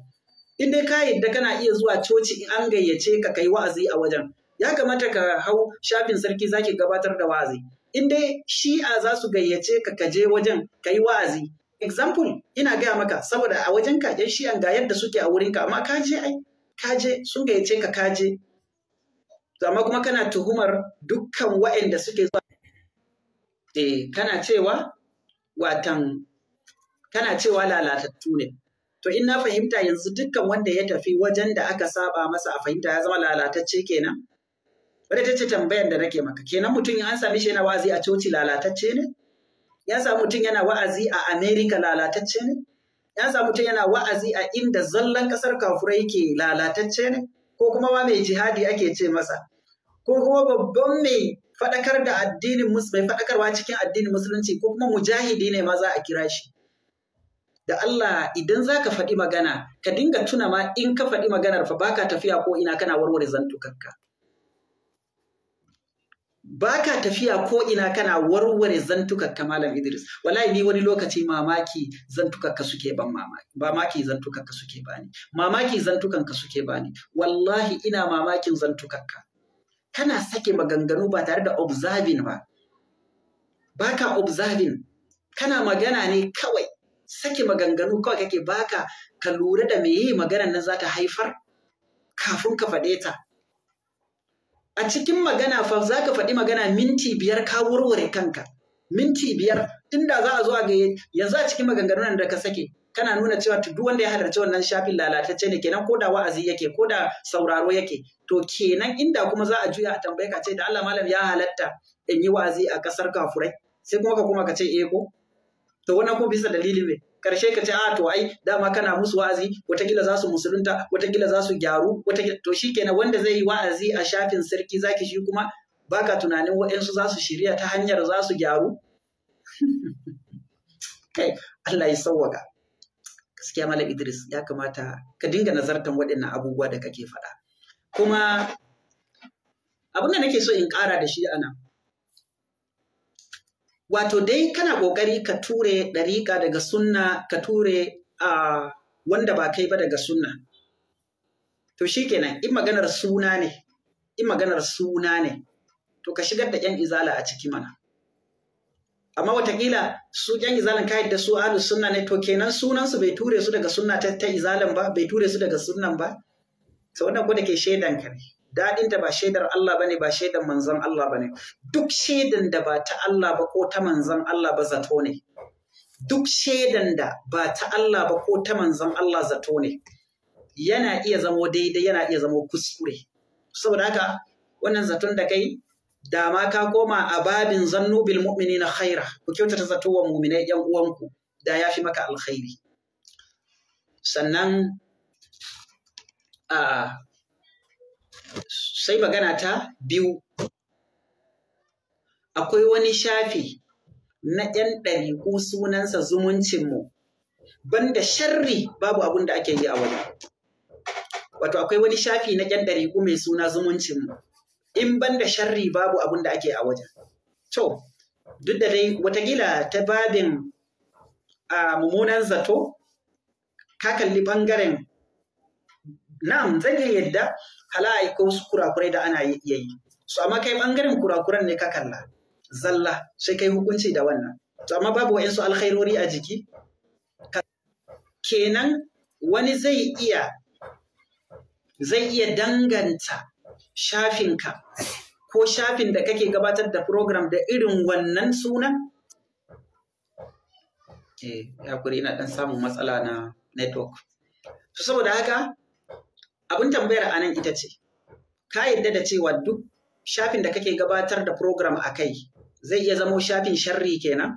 in dai ka yadda kana iya zuwa coci in an gayyace ka kai wa'azi a wajen ya kamata ka hau shafin sarki za zaki gabatar da wa'azi in dai shi'a za su gayyace ka ka je wajen ka yi wa'azi example ina gaya maka saboda a wajen ka shi'an ga yadda suke a wurin ka amma ka je ai ka je sun gayyace ka ka je to amma kuma kana tuhumar dukkan waɗanda suke zuwa e, kana cewa watan kana cewa lalatattu ne to in na fahimta yanzu dukkan wanda ya tafi wajen da aka saba masa a fahimta ya zama lalatacce kenan wadda ta ce tambayar da nake maka kenan mutum an sami shi yana wa'azi a coci lalatacce ne ya sami mutum yana wa'azi a Amerika lalatacce ne ya sami mutum yana wa'azi a inda zallan kasar kafurai ke lalatacce ne ko kuma ma mai jihadi ake ce masa ko kuma babban mai faɗakar da addinin mai faɗakarwa cikin addinin musulunci ko kuma mujahidi ne ma za a kira shi da Allah idan za ka faɗi magana ka dinga tuna ma in ka faɗi maganar fa baka tafiya ko ina kana warware zantukanka ba ka tafiya ko ina kana warware zantukakka malam Idris wallahi ni wani lokaci mamaki zantukakka suke ban mamaki ba maki zantukakka suke bani mamaki zantukanka suke bani wallahi ina mamakin zantukakka kana sake maganganu ba tare da observing ba baka observing kana magana ne kawai sake maganganu kawai kake baka ka lura da meye maganar nan za ta haifar kafin ka faɗe ta a cikin magana fa za ka faɗi magana minti biyar ka wurwure kanka minti biyar tunda za a zo a gaye yanzu a cikin maganganun da ka sake kana nuna cewa to duk wanda ya halarci wannan shafin lalatacce ne kenan ko da wa'azi yake ko da sauraro yake to kenan inda kuma za a juya a tambaye ka ce da Allah malam ya halatta in yi wa'azi a kasar kafurai sai kuma ka kuma ka ce eh ko to wannan ko bisa dalili ne karshe ka ce a ah, to ai dama kana musu wa'azi watakila za su musulunta watakila za su gyaru watakila to shikenan wanda zai yi wa'azi a shafin sarki zaki shi kuma baka tunanin waɗansu za su shirya ta hanyar za su gyaru <laughs> kai Allah ya sauwaka gaskiya malam Idris ya kamata ka dinga nazartan waɗannan abubuwa da kake faɗa kuma abin da nake so in ƙara da shi anan Wato dai kana ƙoƙari ka ture ɗariƙa daga sunna ka ture wanda ba kai ba daga sunna. To shi kenan in maganar suna ne, in maganar suna ne, to ka shigar da ‘yan izala a ciki mana. Amma watakila su ‘yan izalan ka yadda su alu sunna ne, to kenan sunansu bai ture su daga sunna ta, izalin izalan ba, bai ture su daga sunnan ba, sau wannan ko da ke shaidan ka ne. daɗinta ba shaidar Allah bane ba shaidar manzon Allah bane duk shaidan da ba ta Allah ba ko ta manzon Allah ba zato ne duk shaidan da ba ta Allah ba ko ta manzon Allah zato ne yana iya zamo daidai yana iya zamo kuskure saboda haka wannan zaton da kai da ma ka koma a babin zannu bil mu'minina khaira ku kyautata zato wa mu'minai yan uwanku da ya fi maka alkhairi sannan sai magana ta biyu akwai wani shafi na ɗan ɗariƙu sunansa zumuncinmu, banda sharri babu abin da ake yi a wani. Wato akwai wani shafi na ‘yan ɗariku mai suna zumuncinmu, in banda sharri babu abin da ake a wajen. To, duk da dai watakila ta babin a ah, mummunan zato, ka kalli ɓangaren na'am zan iya yadda halaye ko wasu kurakurai da ana iya yi su amma kai ɓangaren kurakuran ne ka kalla zalla sai kai hukunci da wannan So, amma babu wa'insu alkhairori a jiki kenan wani zai iya zai iya danganta shafinka ko shafin da kake gabatar da program da irin wannan sunan? Eh, ya kuri ina ɗan samun matsala na network. To saboda haka Abin tambayar a nan ita ce, ka yarda da cewa duk shafin da kake gabatar da program a kai zai iya zamo shafin sharri kenan?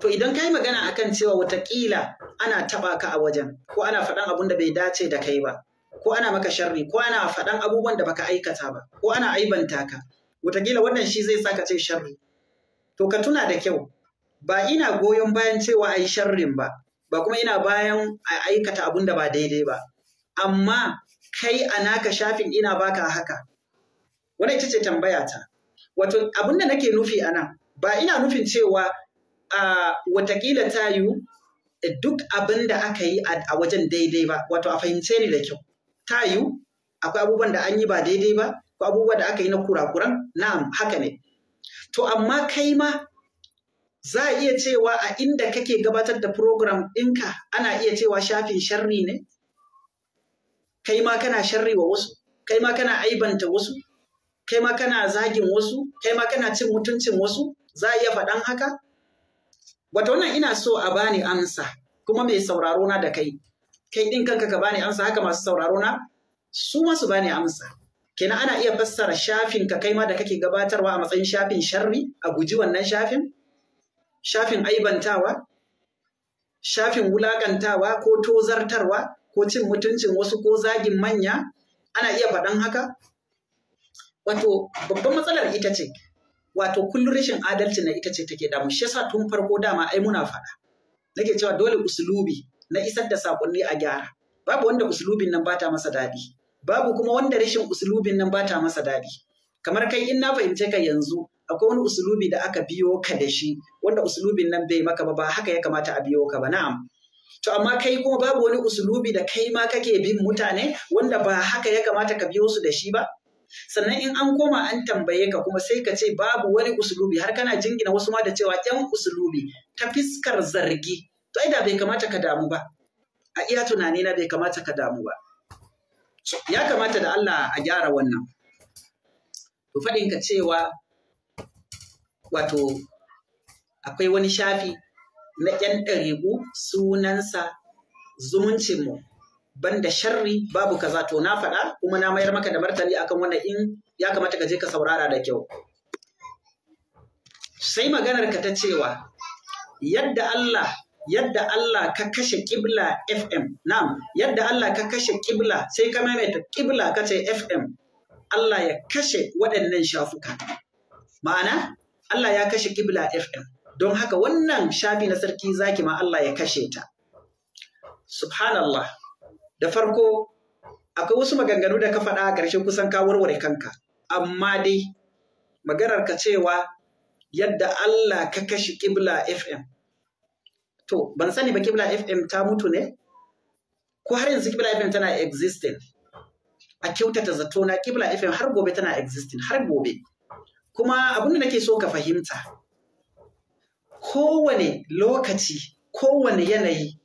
To idan ka yi magana akan cewa watakila ana taɓa ka a wajen, ko ana faɗan abun da bai dace da kai ba, ko ana maka sharri, ko ana faɗan abubuwan da baka aikata ba, ko ana aibanta ka, watakila wannan shi zai sa ka ce sharri. To ka tuna da kyau, ba ina goyon bayan cewa a yi sharrin ba, ba kuma ina bayan a aikata abun da ba daidai ba. amma kai a naka shafin ina baka haka wannan ita ce tambaya ta wato abin da nake nufi a nan ba ina nufin cewa a watakila ta yiwu duk abin da aka yi a wajen daidai ba wato a fahimce ni da kyau ta yiwu akwai abubuwan da an yi ba daidai ba ko abubuwan da aka yi na kurakuran na'am haka ne to amma kai ma za a iya cewa a inda kake gabatar da program ɗinka ana iya cewa shafin sharri ne kai ma kana sharri wa wasu kai ma kana aibanta wasu kai ma kana zagin wasu kai ma kana cin mutuncin wasu za a iya faɗan haka Wata wannan ina so a bani amsa kuma mai sauraro na da kai kai ɗin kanka ka bani amsa haka masu sauraro na su masu bani amsa kenan ana iya fassara shafin ka kai ma da kake gabatarwa a matsayin shafin sharri a guji wannan shafin shafin aibantawa shafin wulakantawa ko tozartarwa ko cin mutuncin wasu ko zagin manya ana iya faɗan haka wato babban matsalar ita ce wato kullum rashin adalci na ita ce take damu shi yasa tun farko dama ai muna faɗa nake cewa dole usulubi na isar da saƙonni a gyara babu wanda usulubin nan bata masa daɗi babu kuma wanda rashin usulubin nan bata masa daɗi kamar kai in na fahimce ka yanzu akwai wani usulubi da aka biyo ka da shi wanda usulubin nan bai maka ba ba haka ya kamata a biyo ka ba na'am To amma kai kuma babu wani usulubi da kai ma kake bin mutane wanda ba haka ya kamata ka biyo su da shi ba? Sannan in an koma an tambaye ka kuma sai ka ce babu wani usulubi har kana jingina wasu ma da cewa ‘yan usulubi ta fiskar zargi. To ai da bai kamata ka damu ba. A iya tunani na bai kamata ka damu ba. Ya kamata da Allah a gyara wannan. To ka cewa wato akwai wani shafi na ƴan ɗarigu sunansa zumuncinmu banda sharri babu kaza to na faɗa kuma na mayar maka da martani akan wannan in ya kamata ka je ka saurara da kyau sai maganar ka ta cewa yadda Allah yadda Allah ka kashe kibla FM na'am yadda Allah ka kashe kibla sai ka maimaita kibla ka ce FM Allah ya kashe waɗannan shafuka ma'ana Allah ya kashe kibla FM don haka wannan shafi na sarki zaki ma Allah ya kashe ta subhanallah da farko akwai wasu maganganu da ka faɗa a ƙarshen kusan ka warware kanka amma dai maganar ka cewa yadda Allah ka kashe Qibla FM to ban sani ba Qibla FM ta mutu ne ko har yanzu Qibla FM tana existing a kyautata zato na Qibla FM har gobe tana existing har gobe kuma abin da nake so ka fahimta kowane lokaci kowane yanayi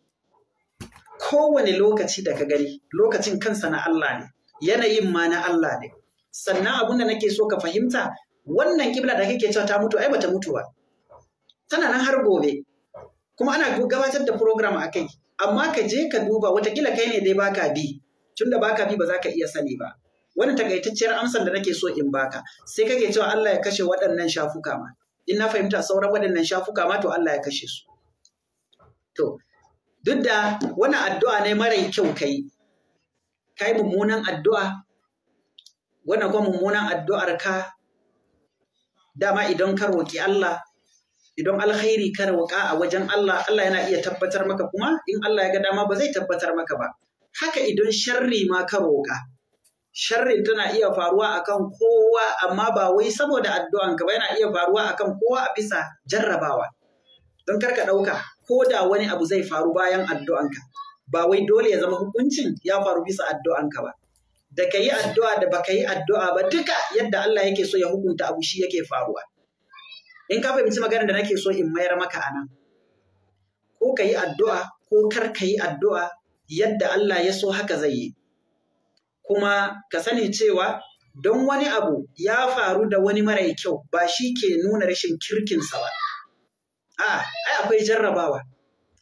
kowane lokaci daga gari, lokacin kansa na Allah ne yanayin ma na Allah ne sannan abin da nake so ka fahimta wannan kibla da kake cewa ta mutu ai bata mutu ba tana nan har gobe kuma ana gabatar da program a kai amma ka je ka duba watakila kai ne dai baka bi tun tunda baka bi ba za ka iya sani ba wani takaitacciyar amsar da nake so in baka sai kake cewa Allah ya kashe waɗannan shafuka ma in na fahimta sauran waɗannan shafuka ma to Allah ya kashe su to duk da wani addu'a ne mara kyau kai kai mummunan addu'a wani kuma mummunan addu'ar ka dama idan ka roƙi Allah idan alkhairi ka roƙa a wajen Allah Allah yana iya tabbatar maka kuma in Allah ya ga dama ba zai tabbatar maka ba haka idan sharri ma ka roƙa sharrin tana iya faruwa akan kowa amma ba wai saboda addu'an ka ba yana iya faruwa akan kowa a bisa jarrabawa don kar ka ɗauka ko da wani abu zai faru bayan addu'an ka, ba wai dole ya zama hukuncin ya faru bisa addu'an ka ba da ka yi addu'a da baka yi addu'a ba duka yadda Allah yake so ya hukunta abu shi yake faruwa in ka fahimci maganar da nake so in mayar maka anan ko ka yi addu'a ko kar ka yi addu'a yadda Allah ya so haka zai yi kuma ka sani cewa don wani abu ya faru da wani mara kyau ba shi ke nuna rashin kirkinsa ba. A, ai akwai jarrabawa,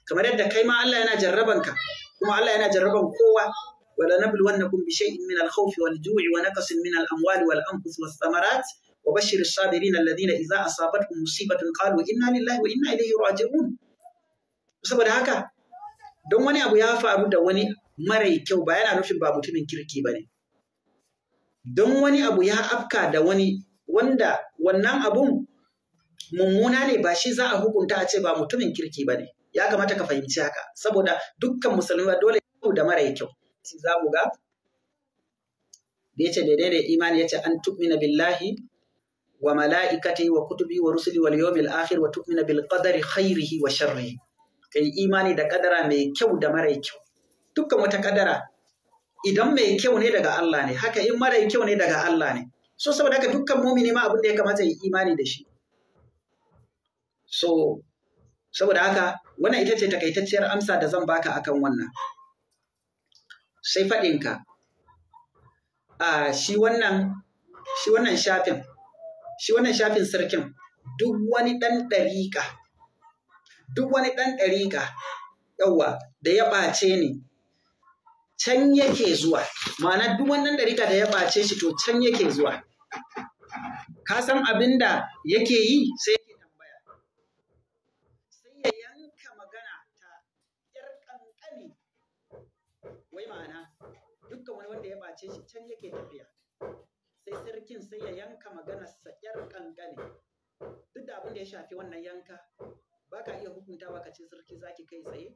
kamar yadda kai ma Allah yana jarrabanka, kuma Allah yana jarraban kowa, wala nablu wannakum bi shay'in min al-khawfi wal ju'i wa naqsin min al-amwali wal anfus was thamarat wa bashir as-sabirin alladhina idza asabatuhum musibatun qalu inna lillahi wa inna ilayhi raji'un. Saboda haka, don wani abu ya faru da wani mara kyau ba yana nufin ba mutumin kirki ba ne. Don wani abu ya afka da wani wanda wannan abun mummuna ne ba shi za a hukunta a ce ba mutumin kirki ba ne. Ya kamata ka fahimci haka, saboda dukkan musulmi ba dole yau da mara kyau. Za mu ga da yace daidai da imani yace an tu'mina billahi wa mala'ikati, wa kutubi wa rusuli wa yawmil akhir wa tu'mina bil qadari khairihi wa sharrihi. Kai imani da kadara mai kyau da mara kyau. dukkan wata kadara idan mai kyau ne daga Allah ne haka in mara kyau ne daga Allah ne so saboda haka dukkan mumini ma abin da ya kamata yi imani da shi so saboda haka wannan ita ce takaitacciyar amsa da zan baka akan wannan sai faɗinka a shi wannan shi wannan shafin shi wannan shafin sarkin duk wani ɗan ɗariƙa duk wani ɗan ɗariƙa yawa da ya ɓace ni can yake zuwa ma'ana duk wannan dariƙa da ya ɓace shi to can yake zuwa ka san abin da yake yi sai yake tambaya sai ya yanka magana ta yar ƙanƙani wai ma'ana dukkan wani wanda ya ɓace shi can yake tafiya sai sarkin sai ya yanka magana sa yar ƙanƙani duk da abin da ya shafi wannan yanka baka iya hukunta baka ce sarki zaki kai tsaye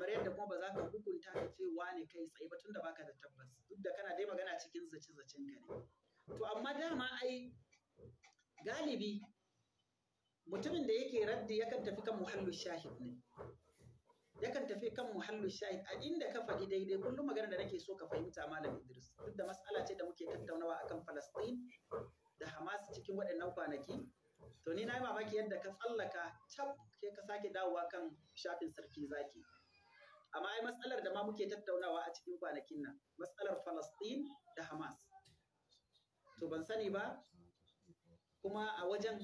kamar yadda kuma ba za ka hukunta ka ce wane kai tsaye ba tunda baka da tabbas duk da kana dai magana cikin zace-zacen ka to amma dama ai galibi mutumin da yake raddi yakan tafi kan muhallu shahid ne yakan tafi kan muhallu shahid a inda ka faɗi daidai kullum magana da nake so ka fahimta malam Idris duk da mas'ala ce da muke tattaunawa akan Palestine da Hamas cikin waɗannan kwanaki to ni na yi mamaki yadda ka tsallaka cap ke ka sake dawowa kan shafin sarki zaki amma ai matsalar da ma muke tattaunawa a cikin kwanakin nan matsalar Falastin da Hamas to ban sani ba kuma a wajen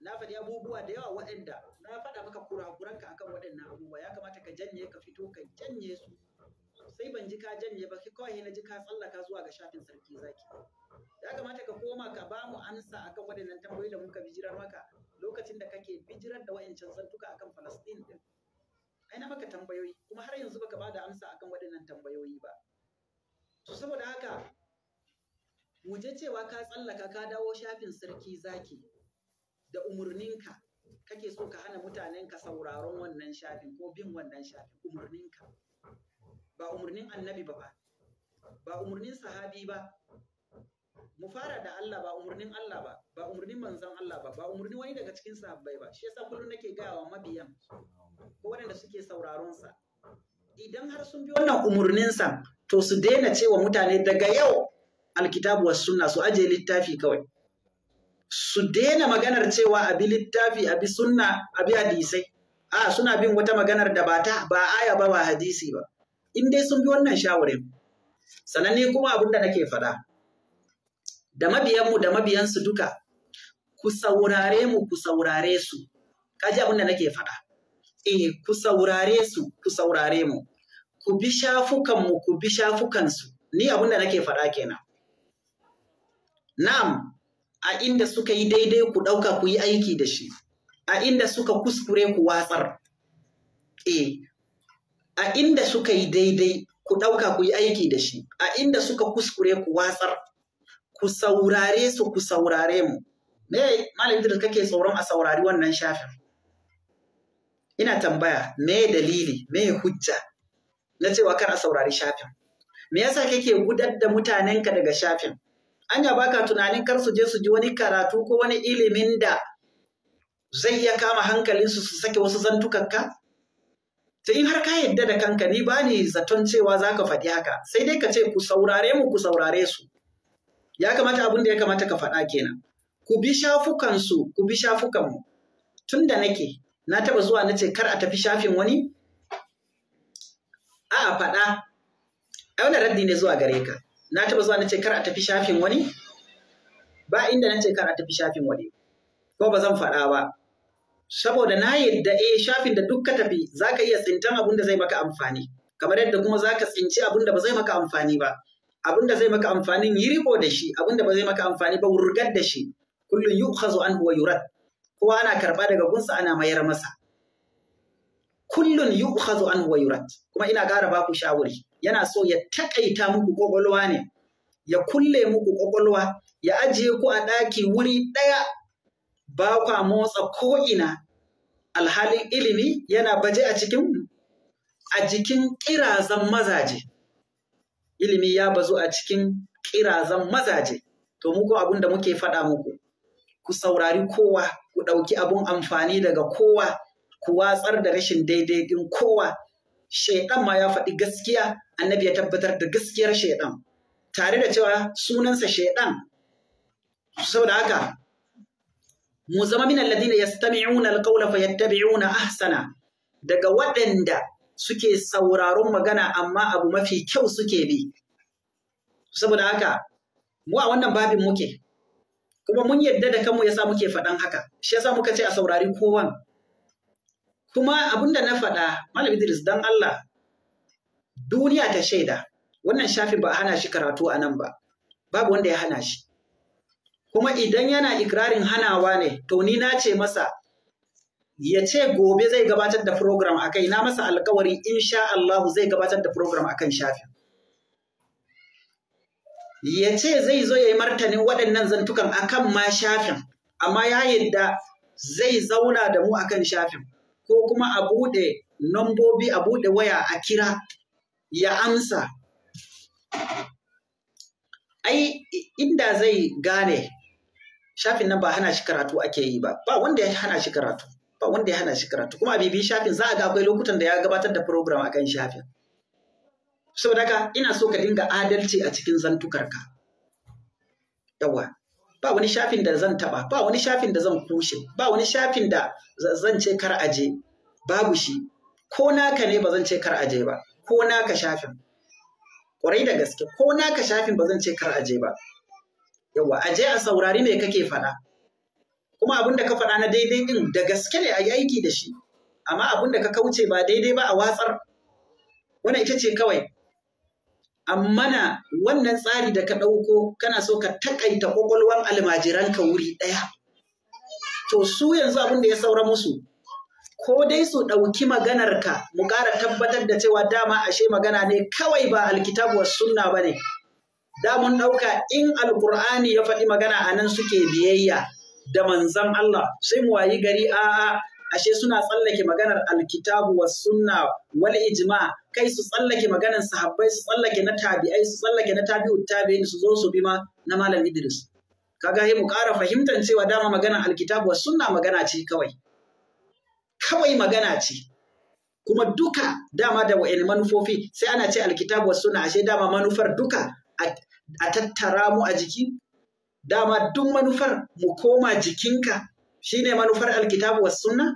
na faɗi abubuwa da yawa waɗanda na faɗa maka kurakuranka akan waɗannan abubuwa ya kamata ka janye ka fito ka janye su sai ban ji ka janye ba kawai na ji ka tsallaka zuwa ga shafin sarki zaki ya kamata ka koma ka ba mu ansa akan waɗannan tambayoyi da muka bijirar maka lokacin da kake bijirar da wa'ancan zantuka akan Falastin din ai na maka tambayoyi kuma har yanzu baka bada amsa akan waɗannan tambayoyi ba to saboda haka wuje cewa ka tsallaka ka dawo shafin sarki zaki da umarninka kake so ka hana mutanenka sauraron wannan shafin ko bin wannan shafin umarninka ba umarnin annabi ba ba ba umarnin sahabi ba mu fara da Allah ba umarnin Allah ba ba umarnin manzon Allah ba ba umarnin wani daga cikin sahabbai ba shi yasa kullum nake wa mabiyan ko waɗanda suke sauraronsa idan har sun bi wannan umarninsa to su daina cewa mutane daga yau alkitabu was sunna su aje littafi kawai su daina maganar cewa abi littafi abi sunna abi hadisai a suna bin wata maganar da ba ta ba aya ba ba hadisi ba in dai sun bi wannan shawarin sananne kuma abin da nake faɗa da mabiyanmu da mabiyansu duka ku saurare mu ku saurare su kaji abin da nake faɗa eh ku saurare su ku saurare mu ku bi shafukan mu ku bi shafukan su ni abinda nake faɗa kenan na'am a inda suka yi daidai ku ɗauka ku yi aiki da shi a inda suka kuskure ku watsar eh a inda suka yi daidai ku ɗauka ku yi aiki da shi a inda suka kuskure ku watsar ku saurare su ku saurare mu me malamin da kake tsoron a saurari wannan shafin ina tambaya me dalili me hujja na cewa kar a saurari shafin me yasa kake gudar da mutanenka daga shafin anya baka tunanin kar su je su ji wani karatu ko wani ilimin da zai iya kama hankalinsu su sake wasu zantukanka to in har ka yadda da kanka ni ba zaton cewa za ka faɗi haka sai dai ka ce ku saurare mu ku saurare su ya kamata abin da ya kamata ka faɗa kenan ku bi shafukansu ku bi shafukanmu tun da nake na taɓa zuwa na ce kar a tafi shafin wani a'a faɗa ai wani raddi ne zuwa gare ka na taɓa zuwa na ce kar a tafi shafin wani ba inda na ce kar a tafi shafin wani ko ba zan faɗa ba saboda na yadda eh shafin da duk ka tafi ka iya tsintan abin da zai maka amfani kamar yadda kuma za ka tsinci abin da ba zai maka amfani ba abin da zai maka amfanin yi riko da shi abin da ba zai maka amfani ba wurgar da shi kullun yu'khazu an wa yurad kuma ana karɓa daga gunsa ana mayar masa kullun yu'khadhu anhu an yurad kuma ina ƙara baku shawari yana so ya taƙaita muku ƙwaƙwalwa ne ya kulle muku ƙwaƙwalwa ya ajiye ku a ɗaki wuri ɗaya ba kwa motsa ko'ina alhalin ilimi yana baje a cikin a jikin ƙirazan mazaje ilimi ya bazu a cikin ƙirazan mazaje to muku abin da muke faɗa muku ku saurari kowa, ku ɗauki abun amfani daga kowa, ku watsar da rashin daidai kowa. Shaiɗan ma ya faɗi gaskiya, annabi ya tabbatar da gaskiyar shaiɗan. Tare da cewa sunansa shaiɗan. Saboda haka, mu zama min alladhina yastami'una alqawla fayattabi'una ahsana daga waɗanda suke sauraron magana amma abu mafi kyau suke bi. Saboda haka, mu a wannan babin muke, kuma mun yadda da kanmu yasa muke faɗan haka shi yasa muka ce a saurari kowan kuma abin da na faɗa malam Idris dan Allah duniya ta shaida wannan shafin ba hana shi karatu a nan ba babu wanda ya hana shi kuma idan yana ikirarin hanawa ne to ni na ce masa ya ce gobe zai gabatar da program akai na masa alkawari insha Allah zai gabatar da program akan shafin ya ce zai zo ya yi martanin waɗannan zantukan akan ma shafin amma ya yadda zai zauna da mu akan shafin ko kuma a buɗe nambobi a buɗe waya a kira ya amsa ai inda zai gane shafin nan ba hana shi karatu ake yi ba ba wanda ya hana shi karatu ba wanda ya hana shi karatu kuma a bibi shafin za a ga akwai lokutan da ya gabatar da program akan shafin saboda ka ina so ka dinga adalci a cikin zantukarka yawa ba wani shafin da zan taba ba wani shafin da zan kushe ba wani shafin da zan ce kar aje babu shi ko naka ne ba zan ce kar aje ba ko naka shafin kwarai da gaske ko naka shafin ba zan ce kar aje ba yawa aje a saurari me kake faɗa kuma abin da ka faɗa na daidai din da gaske ne a yi aiki da shi amma abin da ka kauce ba daidai ba a watsar wannan ita ce kawai ammana wannan tsari da ka ɗauko kana so ka taƙaita ƙwaƙwalwar almajiranka wuri ɗaya. To su yanzu abin da ya saura musu, ko dai su ɗauki maganar ka mu ƙara tabbatar da cewa dama ashe magana ne kawai ba alkitabuwar sunna ba ne. Da mun ɗauka in Alƙur'ani ya faɗi magana a nan suke biyayya da manzan Allah sai mu wayi gari a'a ashe suna tsallake maganar alkitabu wa sunna wal ijma kai su tsallake maganar sahabbai su tsallake na tabi'ai su tsallake na tabi'ut tabi'in su zo su bi ma na malam Idris kaga he mu ƙara fahimtar cewa dama maganar alkitabu wa sunna magana ce kawai kawai magana ce kuma duka dama da wa'in manufofi sai ana ce alkitabu wa sunna ashe dama manufar duka a tattara mu a jiki dama duk manufar mu koma jikinka shine manufar alkitabu was sunna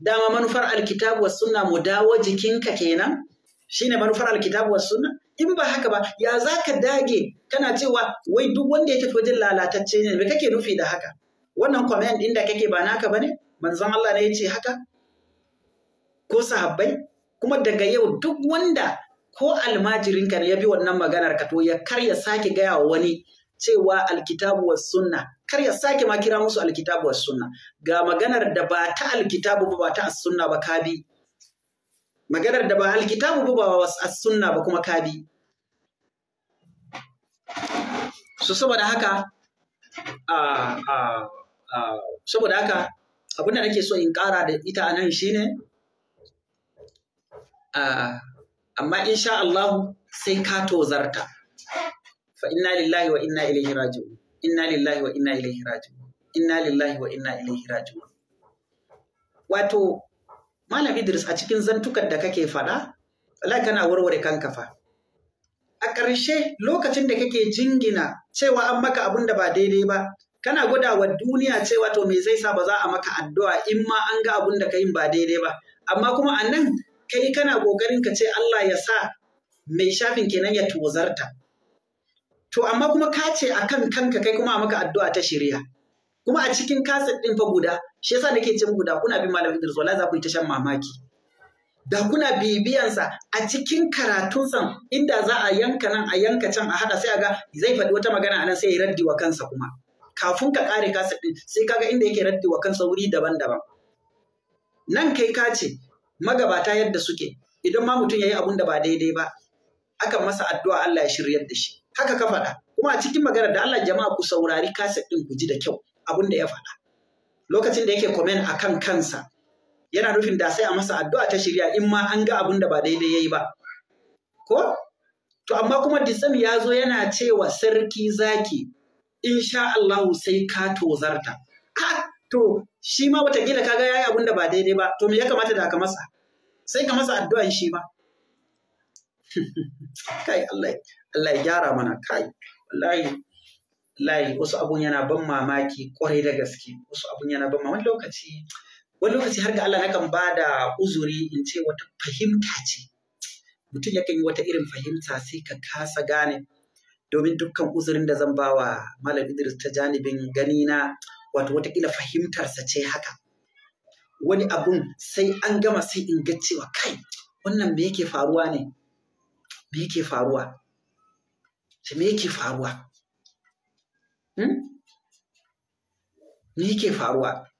dama manufar alkitabu was sunna mu dawo jikinka kenan shine manufar alkitabu was sunna in ba haka ba ya za ka dage kana cewa wai duk wanda ya tafi wajen lalatacce ne me kake nufi da haka wannan comment din da kake ba naka bane manzon Allah ne ya ce haka ko sahabbai kuma daga yau duk wanda ko almajirinka ne ya bi wannan maganar ka to ya kar ya sake gaya wa wani cewa alkitabu was sunna kar ya sake ma kira musu alkitabu wa sunna ga maganar da ba ta alkitabu ba ta as sunna ba kabi maganar da ba alkitabu ba ba as sunna ba kuma kabi so saboda haka a a a saboda haka abin da nake so in ƙara da ita anan shine a amma insha Allah sai ka tozarta fa inna lillahi wa inna ilaihi raji'un inna lillahi wa inna ilaihi raji'un inna lillahi wa inna ilaihi raji'un wato malam Idris a cikin zantukan da kake fada wallahi kana warware kanka fa a ƙarshe lokacin da kake jingina cewa an maka abun da ba daidai ba kana gwada wa duniya cewa to me zai sa ba za a maka addu'a in ma an ga abun da ka yin ba daidai ba amma kuma anan kai kana kokarin ka ce Allah ya sa mai shafin kenan ya tozarta To amma kuma ka ce a kan kanka kai kuma a maka addu'a ta shirya. Kuma a cikin kaset ɗin fa guda, shi yasa nake ce guda kuna bin Malam Idris zuwa za ku yi ta shan mamaki. Da kuna bibiyansa a cikin karatunsa inda za a yanka nan a yanka can a haɗa sai a ga zai faɗi wata magana a nan sai ya raddi wa kansa kuma. Kafin ka ƙare kaset ɗin sai kaga inda yake raddi wa kansa wuri daban-daban. Nan kai ka ce magabata yadda suke idan ma mutum ya yi abun da ba daidai ba akan masa addu'a Allah ya shiryar da shi. haka ka faɗa kuma a cikin maganar da Allah jama'a ku saurari kaset ɗin ku ji da kyau abin da ya faɗa lokacin da yake komen a kan kansa yana nufin da sai a masa addu'a ta shirya in ma an ga abin da ba daidai yayi ba ko to amma kuma disam ya zo yana cewa sarki zaki insha Allah sai ka tozarta ka to shi ma watakila kaga yayi abin da ba daidai ba to me ya kamata da aka masa sai ka masa addu'an shi ma <laughs> kai Allah Allah ya gyara mana kai wallahi wallahi wasu abun yana ban mamaki kwarai da gaske wasu abun yana ban mamaki lokaci wani lokaci har ga Allah nakan ba da uzuri in ce wata fahimta ce mutum yakan yi wata irin fahimta sai ka kasa gane domin dukkan uzurin da zan ba wa malam Idris ta janibin gani na wato kila fahimtarsa ce haka wani abun sai an gama sai in ga cewa kai wannan me yake faruwa ne me yake faruwa shi me yake faruwa hmm? me yake faruwa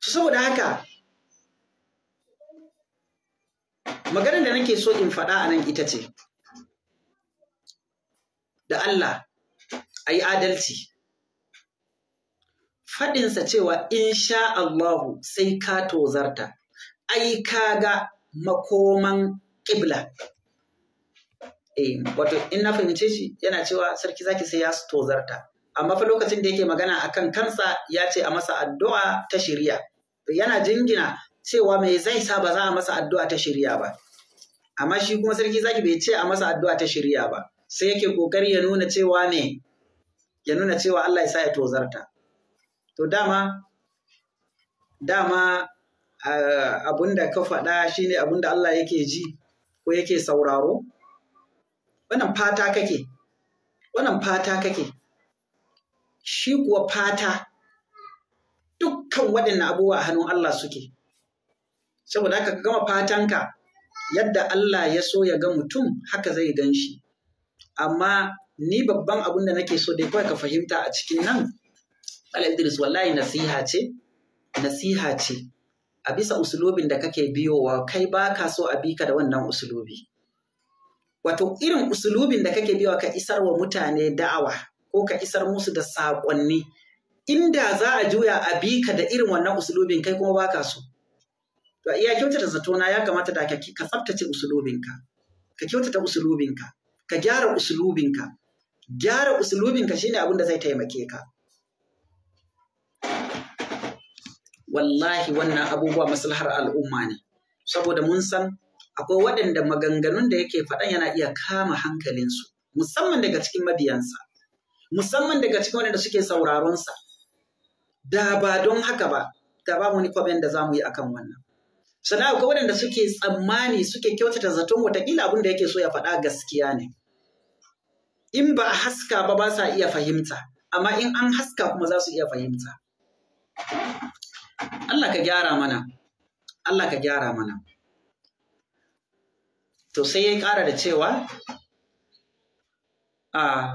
su saboda haka maganar da nake so in faɗa a nan ita ce da Allah a yi adalci faɗinsa cewa in sha Allahu sai ka tozarta ai kaga makoman ƙibla E, wato in na fahimce shi yana cewa sarki zaki sai ya tozarta amma fa lokacin da yake magana akan kansa ya ce a masa addu'a ta shirya yana jingina cewa me zai sa ba za a masa addu'a ta shirya ba amma shi kuma sarki zaki bai ce a masa addu'a ta shirya ba sai yake kokari ya nuna cewa ne ya nuna cewa Allah ya sa ya tozarta to dama dama eh, abun da ka faɗa shine abun da Allah yake ji ko yake sauraro wannan fata kake wannan fata kake shi kuwa fata dukkan waɗannan abubuwa a hannun Allah suke saboda haka ka gama fatanka yadda Allah ya so ya ga mutum haka zai gan shi amma ni babban abin da nake so dai kawai ka fahimta a cikin nan Malam Idris wallahi nasiha ce nasiha ce a bisa usulobin da kake biyowa kai ba ka so a bi ka da wannan usulobi wato irin usulubin da kake biwa ka isar wa mutane da'awa ko ka isar musu da saƙonni inda za a juya a bi ka da irin wannan usulubin kai kuma baka so to iya kyautata zatona ya kamata da ka tsaftace usulubinka ka kyautata usulubinka ka gyara usulubinka gyara usulubinka shine abin da zai taimake ka wallahi wannan abubuwa maslahar al'umma ne saboda mun san akwai waɗanda maganganun da yake faɗan yana iya kama hankalinsu musamman daga cikin mabiyansa musamman daga cikin waɗanda suke sauraronsa da ba don haka ba da ba mu ni kwamen da za mu yi akan wannan sannan akwai waɗanda suke tsammani suke kyautata zaton watakila abin da yake so ya faɗa gaskiya ne in ba a haska ba ba sa iya fahimta amma in an haska kuma za su iya fahimta Allah ka gyara mana Allah ka gyara mana to sai ya ƙara da cewa a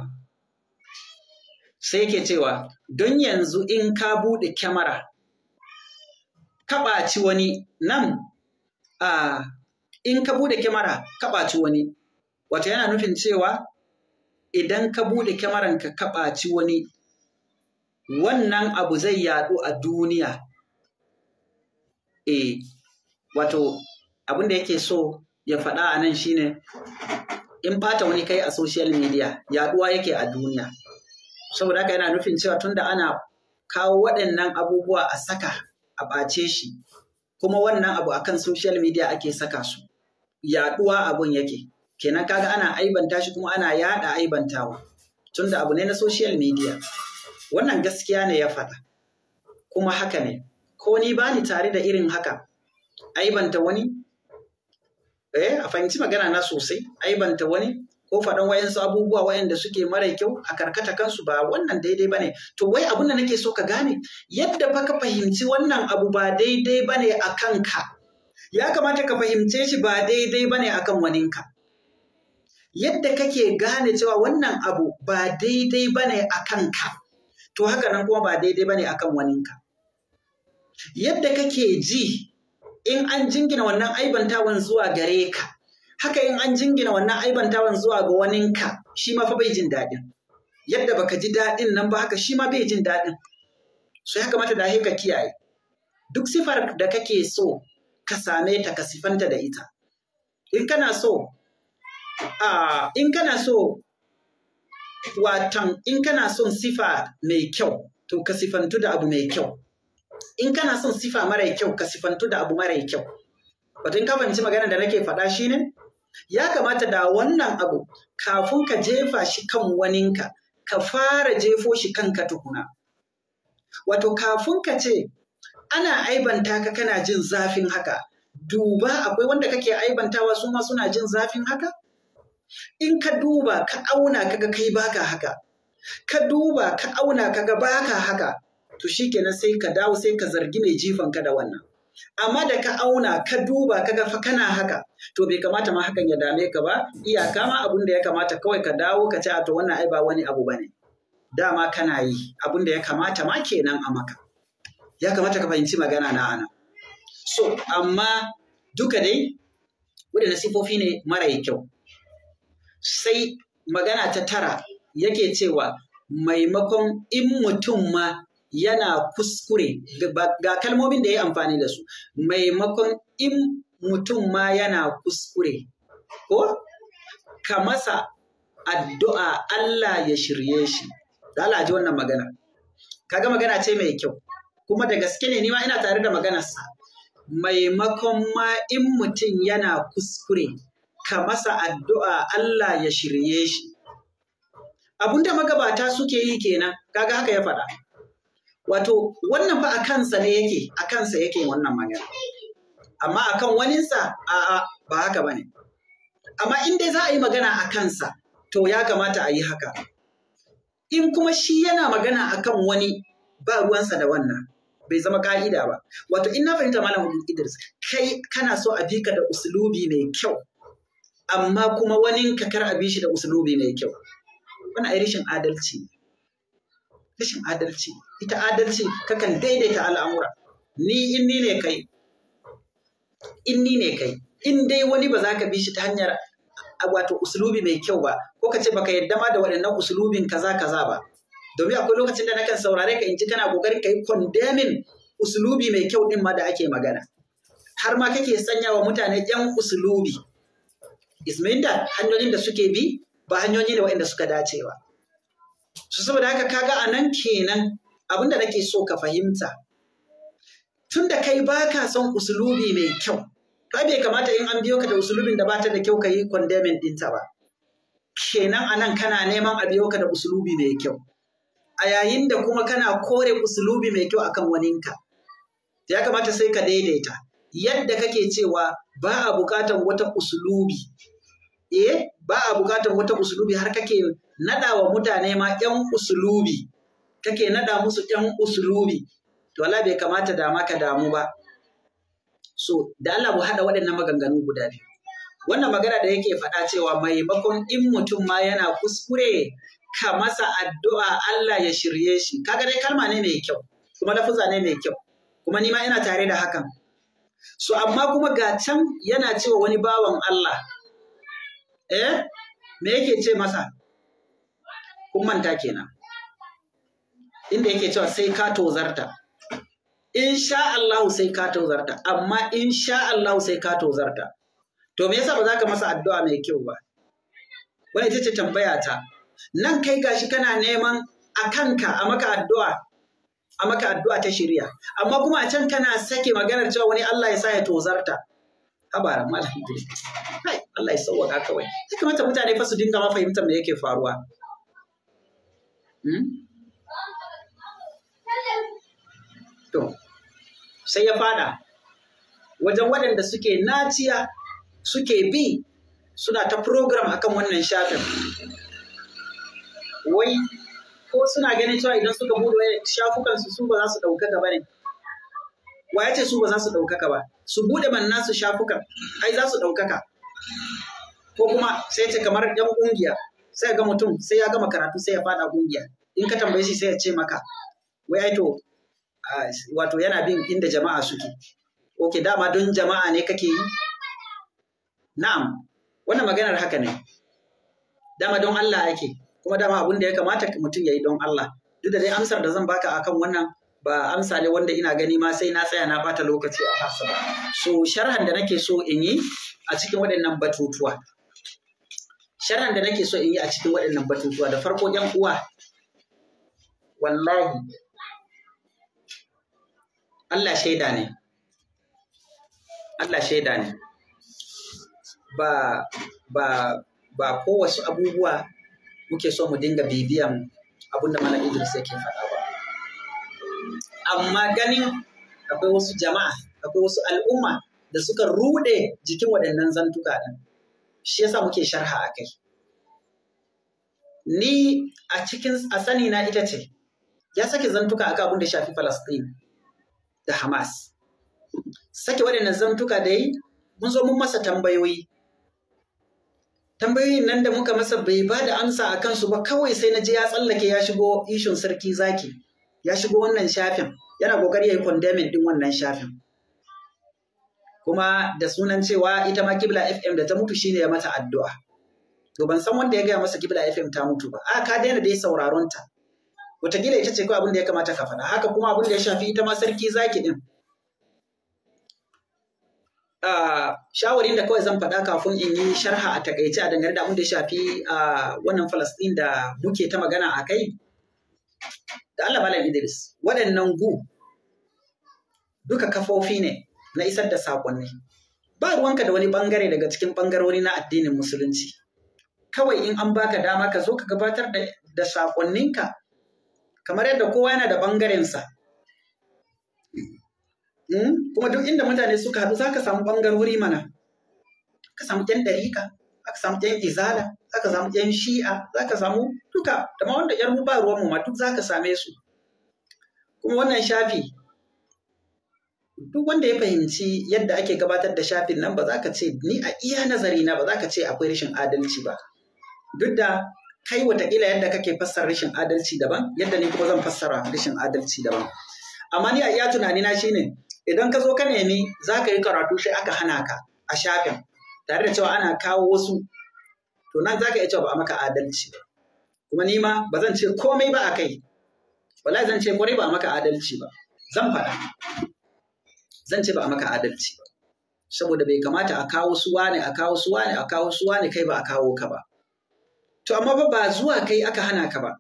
sai yake cewa don yanzu in ka buɗe kyamara ka wani nan a in ka buɗe kyamara ka wani wato yana nufin cewa idan ka buɗe kyamaran ka ɓaci wani wannan abu zai yaɗu a duniya e wato abin da yake so ya faɗa a nan shine in ɓata wani kai a social media yaɗuwa yake a duniya saboda haka yana nufin cewa tunda ana kawo waɗannan abubuwa a saka a ɓace shi kuma wannan abu akan social media ake saka su yaɗuwa abun yake kenan kaga ana aibanta shi kuma ana yaɗa aibantawa tunda abu ne na social media wannan gaskiya ne ya faɗa kuma haka ne ko ni ba tare da irin haka aibanta wani eh a fahimci magana na sosai aibanta wani ko faɗan wayansu abubuwa da suke mara kyau a karkata kansu ba wannan daidai bane to wai abun da nake so ka gane yadda fa ka fahimci wannan abu ba daidai bane a kanka ya kamata ka fahimce shi ba daidai bane kan waninka yadda kake gane cewa wannan abu ba daidai bane a kanka to haka nan kuma ba daidai bane kan waninka yadda kake ji in an jingina wannan aibantawan zuwa gare ka haka in an jingina wannan aibantawan zuwa ga waninka shi ma fa bai jin daɗin yadda baka ji daɗin nan ba haka shi ma bai jin daɗin so ya kamata da ka kiyaye duk sifar da kake so ka same ta ka sifanta da ita in kana so a in kana so watan in kana son sifa mai kyau to ka sifantu da abu mai kyau in kana son sifa mara kyau ka sifantu da abu mara kyau wato in ka fahimci magana da nake faɗa shi ne, ya kamata da wannan abu kafin ka jefa shi kan waninka ka fara jefo shi kanka tukuna wato kafin ka ce ana aibanta ka kana jin zafin haka duba akwai wanda kake aibantawa su ma suna jin zafin haka in ka duba ka auna kaga kai baka haka ka duba ka auna kaga baka haka to kenan sai ka dawo sai ka zargi mai jifan ka da wannan amma da ka auna ka duba ka ga kana haka to bai kamata ma hakan ya dame ka ba iyaka ma abun da ya kamata kawai ka dawo ka ce a to wannan ai ba wani abu bane dama kana yi abun da ya kamata ma kenan a maka ya kamata ka fahimci magana na ana so amma duka dai waɗanda sifofi ne mara kyau sai magana ta tara yake cewa maimakon in mutum ma yana kuskure ga kalmomin da ya amfani da su maimakon in mutum ma yana kuskure ko ka masa addu'a Allah ya shirye shi da Allah ji wannan magana kaga magana ce mai kyau kuma da gaske ne nima ina tare da maganarsa maimakon ma in mutum yana kuskure ka masa addu'a Allah ya shirye shi abinda magabata suke yi kenan kaga haka ya faɗa wato wannan fa a kansa ne yake a kansa yake wannan magana amma a kan waninsa a'a ba haka ba ne. amma in dai za a yi magana a kansa to ya kamata a yi haka in kuma shi yana magana a kan wani ba ruwansa da wannan bai zama ka'ida ba wato in na fahimta malam Idris kai kana so a bika da usulubi mai kyau amma kuma wani kakar a bi shi da usulubi mai kyau Wani ai rashin adalci rashin adalci ita adalci kakan daidaita al'amura ni in ni ne kai in ni ne kai in dai wani ba za ka bi shi ta hanyar wato usulubi mai kyau ba ko ka ce ka yadda ma da waɗannan usulubin kaza kaza ba domin akwai lokacin da nakan saurare ka in ji kana kokarin yi kondemin usulubi mai kyau din ma da ake magana har ma kake sanya wa mutane yan usulubi ismail hanyoyin da suke bi ba hanyoyi ne waɗanda suka dace ba su saboda haka kaga a nan kenan abin da nake so ka fahimta tun da kai ba ka son usulubi mai kyau ba bai kamata in an biyo ka da usulubin da bata da kyau ka yi condemning ɗinta ba kenan a nan kana neman a biyo ka da usulubi mai kyau a yayin da kuma kana kore usulubi mai kyau akan waninka ya kamata sai ka daidaita yadda kake cewa ba a buƙatar wata usulubi eh ba a buƙatar wata usulubi har kake Naɗawa wa mutane ma ‘yan usulubi, kake naɗa musu ‘yan usulubi, to Allah bai kamata da maka damu ba. So, da Allah mu haɗa waɗannan maganganu guda biyu. Wannan magana da yake faɗa cewa maimakon in mutum ma yana kuskure ka masa addu'a Allah ya shirye shi. Kaga dai kalma ne mai kyau, kuma lafuza ne mai kyau, kuma ni ma ina tare da hakan. So, amma kuma ga can yana cewa wani bawan Allah, eh, me yake ce masa? kun manta kenan inda yake cewa sai ka tozarta sha Allah sai ka tozarta amma sha Allah sai ka tozarta to me yasa ba za ka masa addu'a mai kyau ba wani ita ce tambaya ta nan kai gashi kana neman a kanka a maka addu'a a maka addu'a ta shirya amma kuma a can kana sake maganar cewa wani Allah ya sa ya tozarta habaran malam Allah ya sauwaka kawai ya kamata mutane fa su dinga ma fahimtar me yake faruwa Hmm? To, sai ya fada wajen waɗanda suke naciya suke bi suna ta program akan wannan shafin. Wai, ko suna ganin cewa idan suka bude shafukansu su ba za su ɗaukaka ba ne. Wa ya ce su ba za su ɗaukaka ba, su buɗe man nasu shafukan, ai za su ɗaukaka. Ko kuma sai ce kamar ‘yan ƙungiya. sai ga mutum sai ya gama karatu sai ya fada kungiya in ka tambaye shi sai ya ce maka wai ai to wato yana bin inda jama'a suke oke dama don jama'a ne kake yi na'am wannan maganar haka ne dama don Allah yake kuma dama abin da ya kamata mutum ya yi don Allah duk da dai amsar da zan baka akan wannan ba amsa ne wanda ina gani ma sai na tsaya na bata lokaci a kansa ba so sharhan da nake so in yi a cikin waɗannan batutuwa sharan da nake so in yi a cikin waɗannan batutuwa da farko ‘yan uwa wallahi Allah shaida ne Allah shaida ne ba ba ba kowace abubuwa muke so mu dinga bibiyan abinda mana Idris yake faɗa ba amma ganin akwai wasu jama'a akwai wasu al'umma da suka rude jikin waɗannan zantuka ɗin shi yasa muke sharha a kai ni a cikin a sani na ita ce ya sake zantuka a abin da shafi Falasɗin, da Hamas sake waɗannan zantuka da yi mun zo mun masa tambayoyi tambayoyin nan da muka masa bai ba da amsa a kansu ba kawai sai na je ya tsallake ya shigo ishin sarki zaki ya shigo wannan shafin yana kokari ya yi kondamin ɗin wannan shafin kuma da sunan cewa ita ma Kibla FM da ta mutu shine ya mata addu'a. To ban san wanda ya gaya masa Kibla FM ta mutu ba. A ka daina dai sauraron ta. Wataƙila ita ce kawai abin da ya kamata ka faɗa. Haka kuma abin da ya shafi ita ma sarki zaki din. shawarin da kawai zan faɗa kafin in yi sharha a takaice a dangane da abin da ya shafi wannan Falasɗin da muke ta magana a kai. Da Allah Malam Idris, waɗannan gu duka kafofi ne na isar da sakonni. Ba ruwanka da wani ɓangare daga cikin ɓangarori na addinin musulunci. Kawai in an baka dama ka zo ka gabatar da saƙonninka kamar yadda kowa yana da ɓangarensa. Hmm? Kuma duk inda mutane suka haɗu za ka samu ɓangarori mana. Ka samu ƴan ɗarika, aka samu ƴan izala, aka samu ƴan shi'a, za ka samu duka, da ma wanda ƴan ba ruwanmu ma duk za ka same su. Kuma wannan shafi duk wanda ya fahimci yadda ake gabatar da shafin nan ba za ka ce ni a iya nazari na ba za ka ce akwai rashin adalci ba duk da kai watakila yadda kake fassara rashin adalci daban yadda ni kuma zan fassara rashin adalci daban amma ni a iya tunani na shine idan ka zo ka nemi za ka yi karatu sai aka hana ka a shafin tare da cewa ana kawo wasu to nan za ka iya cewa ba a maka adalci ba kuma ni ma ba zan ce komai ba a kai wallahi zan ce kwarai ba a maka adalci ba zan faɗa zan ce ba a maka adalci ba saboda bai kamata a kawo su ne, a kawo su ne, a kawo su ne kai ba a kawo ka ba to amma ba zuwa kai aka hana ka ba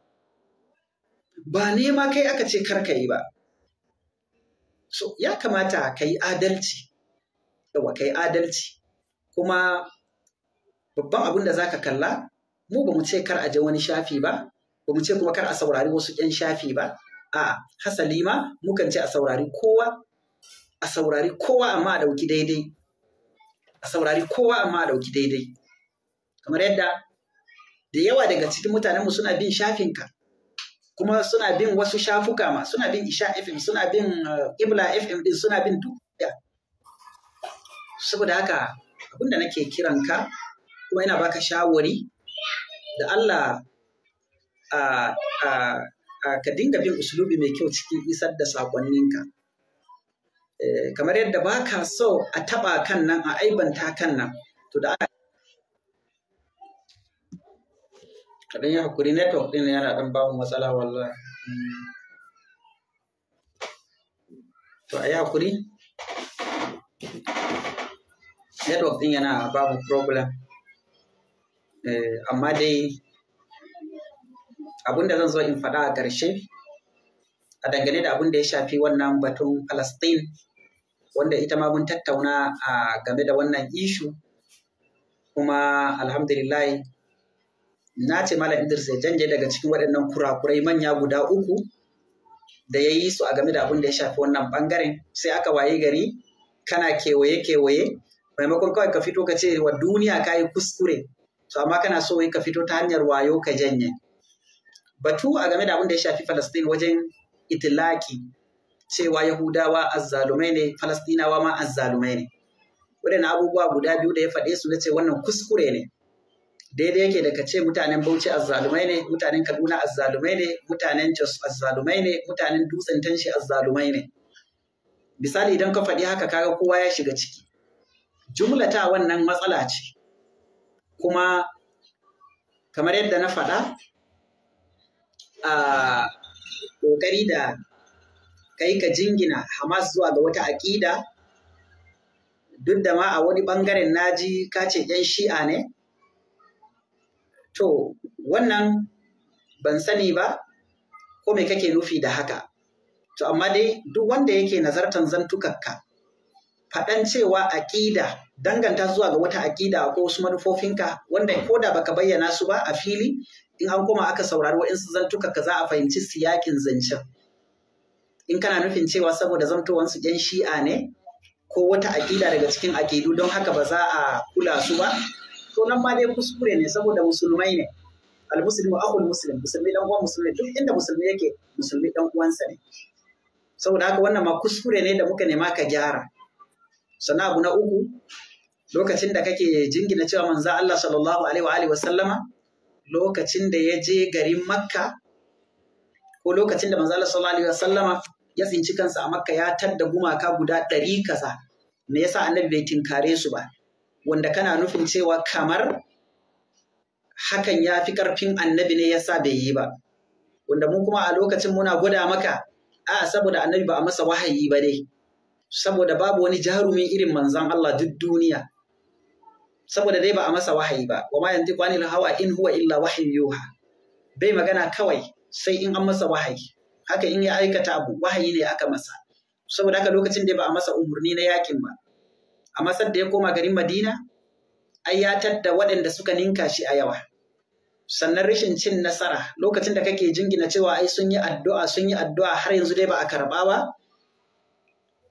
ba nema kai aka ce kar ka yi ba so ya kamata ka yi adalci yawa ka yi adalci kuma babban abin da za ka kalla mu ba mu ce kar a je wani shafi ba ba mu ce kuma kar a saurari wasu 'yan shafi ba a hasali ma mukan ce a saurari kowa a saurari kowa amma a ɗauki daidai a saurari kowa amma a ɗauki daidai kamar yadda da yawa daga cikin mutanenmu suna bin shafinka kuma suna bin wasu shafuka ma suna bin isha fm suna bin eh, ibla fm din suna bin duk saboda haka abinda nake ka, kuma ina baka shawari da Allah a ka dinga bin usulubi mai kyau cikin isar da sakonninka. Eh, kamar yadda ba ka so a taɓa kan nan a aibanta kan nan to da aka kaɗan yi hakuri network ɗin yana ɗan mu matsala wallahi to a yi hakuri network ɗin yana babu problem eh, amma dai abin da zan zo in faɗa a ƙarshe a dangane da abin da ya shafi wannan batun Palestine wanda ita ma mun tattauna a game da wannan ishu kuma alhamdulillah na ce Malam Idris ya janje daga cikin waɗannan kurakurai manya guda uku da ya yi su a game da abin da ya shafi wannan bangaren sai aka waye gari kana kewaye-kewaye maimakon kawai ka fito ka ce wa duniya ka yi kuskure to amma kana so ka fito ta hanyar wayo ka janye batu a game da abin da ya shafi Falastin wajen itilaki cewa Yahudawa azzalumai ne, Falastinawa ma azzalumai ne. Waɗannan abubuwa guda biyu da ya faɗe su na ce wannan kuskure ne. Daidai yake daga ce mutanen Bauchi azzalumai ne, mutanen Kaduna azzalumai ne, mutanen Jos azzalumai ne, mutanen Dutsen Tanshi azzalumai ne. Misali idan ka faɗi haka kaga kowa ya shiga ciki. Jumlata wannan matsala ce. Kuma kamar yadda na faɗa, a ƙoƙari da kai ka jingina Hamas zuwa ga wata aƙida duk da ma a wani ɓangaren naji ka ce ‘yan shi'a ne? To, wannan ban sani ba ko me kake nufi da haka. To, amma dai duk wanda yake nazartan zantukakka, faɗan cewa aƙida danganta zuwa ga wata aƙida ko wasu manufofinka wanda ko da baka bayyana su ba a fili in an koma aka saurari wa'insu zantukakka za a fahimci siyakin zancen. in kana nufin cewa saboda zamtowansu yan shi'a ne ko wata aƙida daga cikin aƙidu don haka ba za a kula su ba to nan ma dai kuskure ne saboda musulmai ne almuslimu akhul muslim musulmi dan uwan musulmi duk inda musulmi yake musulmi dan uwansa ne saboda haka wannan ma kuskure ne da muka nema ka gyara sannan abu na uku lokacin da kake jingina cewa manzo Allah sallallahu alaihi wa alihi wa sallama lokacin da ya je garin Makka ko lokacin da manzo Allah sallallahu alaihi wa sallama ya tsinci kansa a makka ya tadda gumaka guda ɗari kasa. me yasa annabi bai tinkare su ba wanda kana nufin cewa kamar hakan ya fi ƙarfin annabi ne yasa bai yi ba wanda mu kuma a lokacin muna gwada maka a saboda annabi ba a masa wahayi ba dai saboda babu wani jarumin irin manzan Allah duk duniya saboda dai ba a masa wahayi ba wa ma yantiqu hawa in huwa illa wahyu yuha bai magana kawai sai in an masa wahayi haka in ya aikata abu wahayi ne aka masa saboda haka lokacin da ba a masa umarni na yakin ba a masar da ya koma garin madina ai ya tadda waɗanda suka ninka shi a yawa sannan rashin cin nasara lokacin da kake jingina cewa ai sun yi addu'a sun yi addu'a har yanzu dai ba a karɓa ba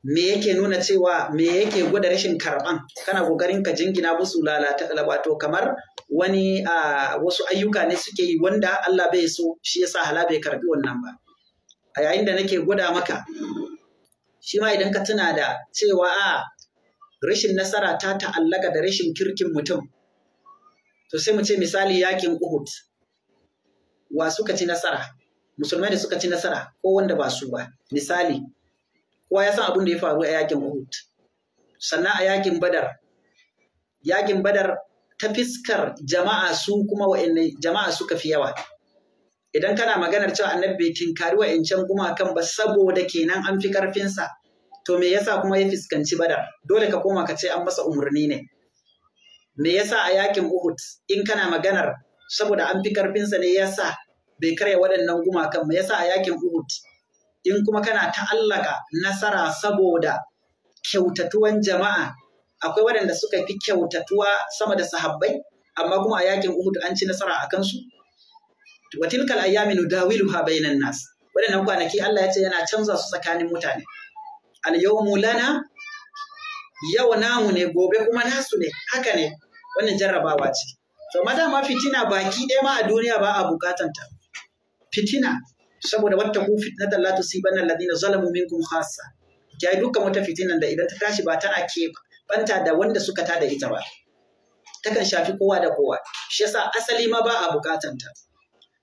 me yake nuna cewa me yake gwada rashin karɓan kana kokarin ka jingina musu lalata wato kamar wani wasu ayyuka ne suke yi wanda Allah bai so shi yasa hala bai karɓi wannan ba a yayin da nake gwada maka shi ma idan ka tuna da cewa a rashin nasara ta ta'allaka da rashin kirkin mutum to sai mu ce misali yakin Uhud wa suka ci nasara musulmai da suka ci nasara ko wanda ba su ba misali kowa ya san abin da ya faru a yakin Uhud sannan a yakin Badar yakin Badar ta fiskar jama'a su kuma waɗanne jama'a suka fi yawa idan kana maganar cewa annabi bai tinkari wa'incan gumakan ba saboda kenan an fi karfinsa to me yasa kuma ya fuskanci badar dole ka koma ka ce an masa umarni ne me yasa a yakin uhud in kana maganar saboda an fi karfinsa ne yasa bai karya waɗannan gumakan me yasa a yakin uhud in kuma kana ta'allaka nasara saboda kyautatuwan jama'a akwai waɗanda suka fi kyautatuwa sama da sahabbai amma kuma a yakin uhud an ci nasara a kansu wa tilkal ayyamin nudawiluha bainan nas wadannan kwanaki Allah ya ce yana canza su tsakanin mutane al yawmu lana yau namu ne gobe kuma nasu ne haka ne wannan jarrabawa ce to ma dama fitina baki ɗaya ma a duniya ba a bukatan ta. fitina saboda wata ku fitnatan la tusibanna alladhina zalamu minkum khassa kai dukkan wata fitinan da idan ta tashi ba tana ke banta da wanda suka tada ita ba takan shafi kowa da kowa shi yasa asali ma ba a bukatanta ta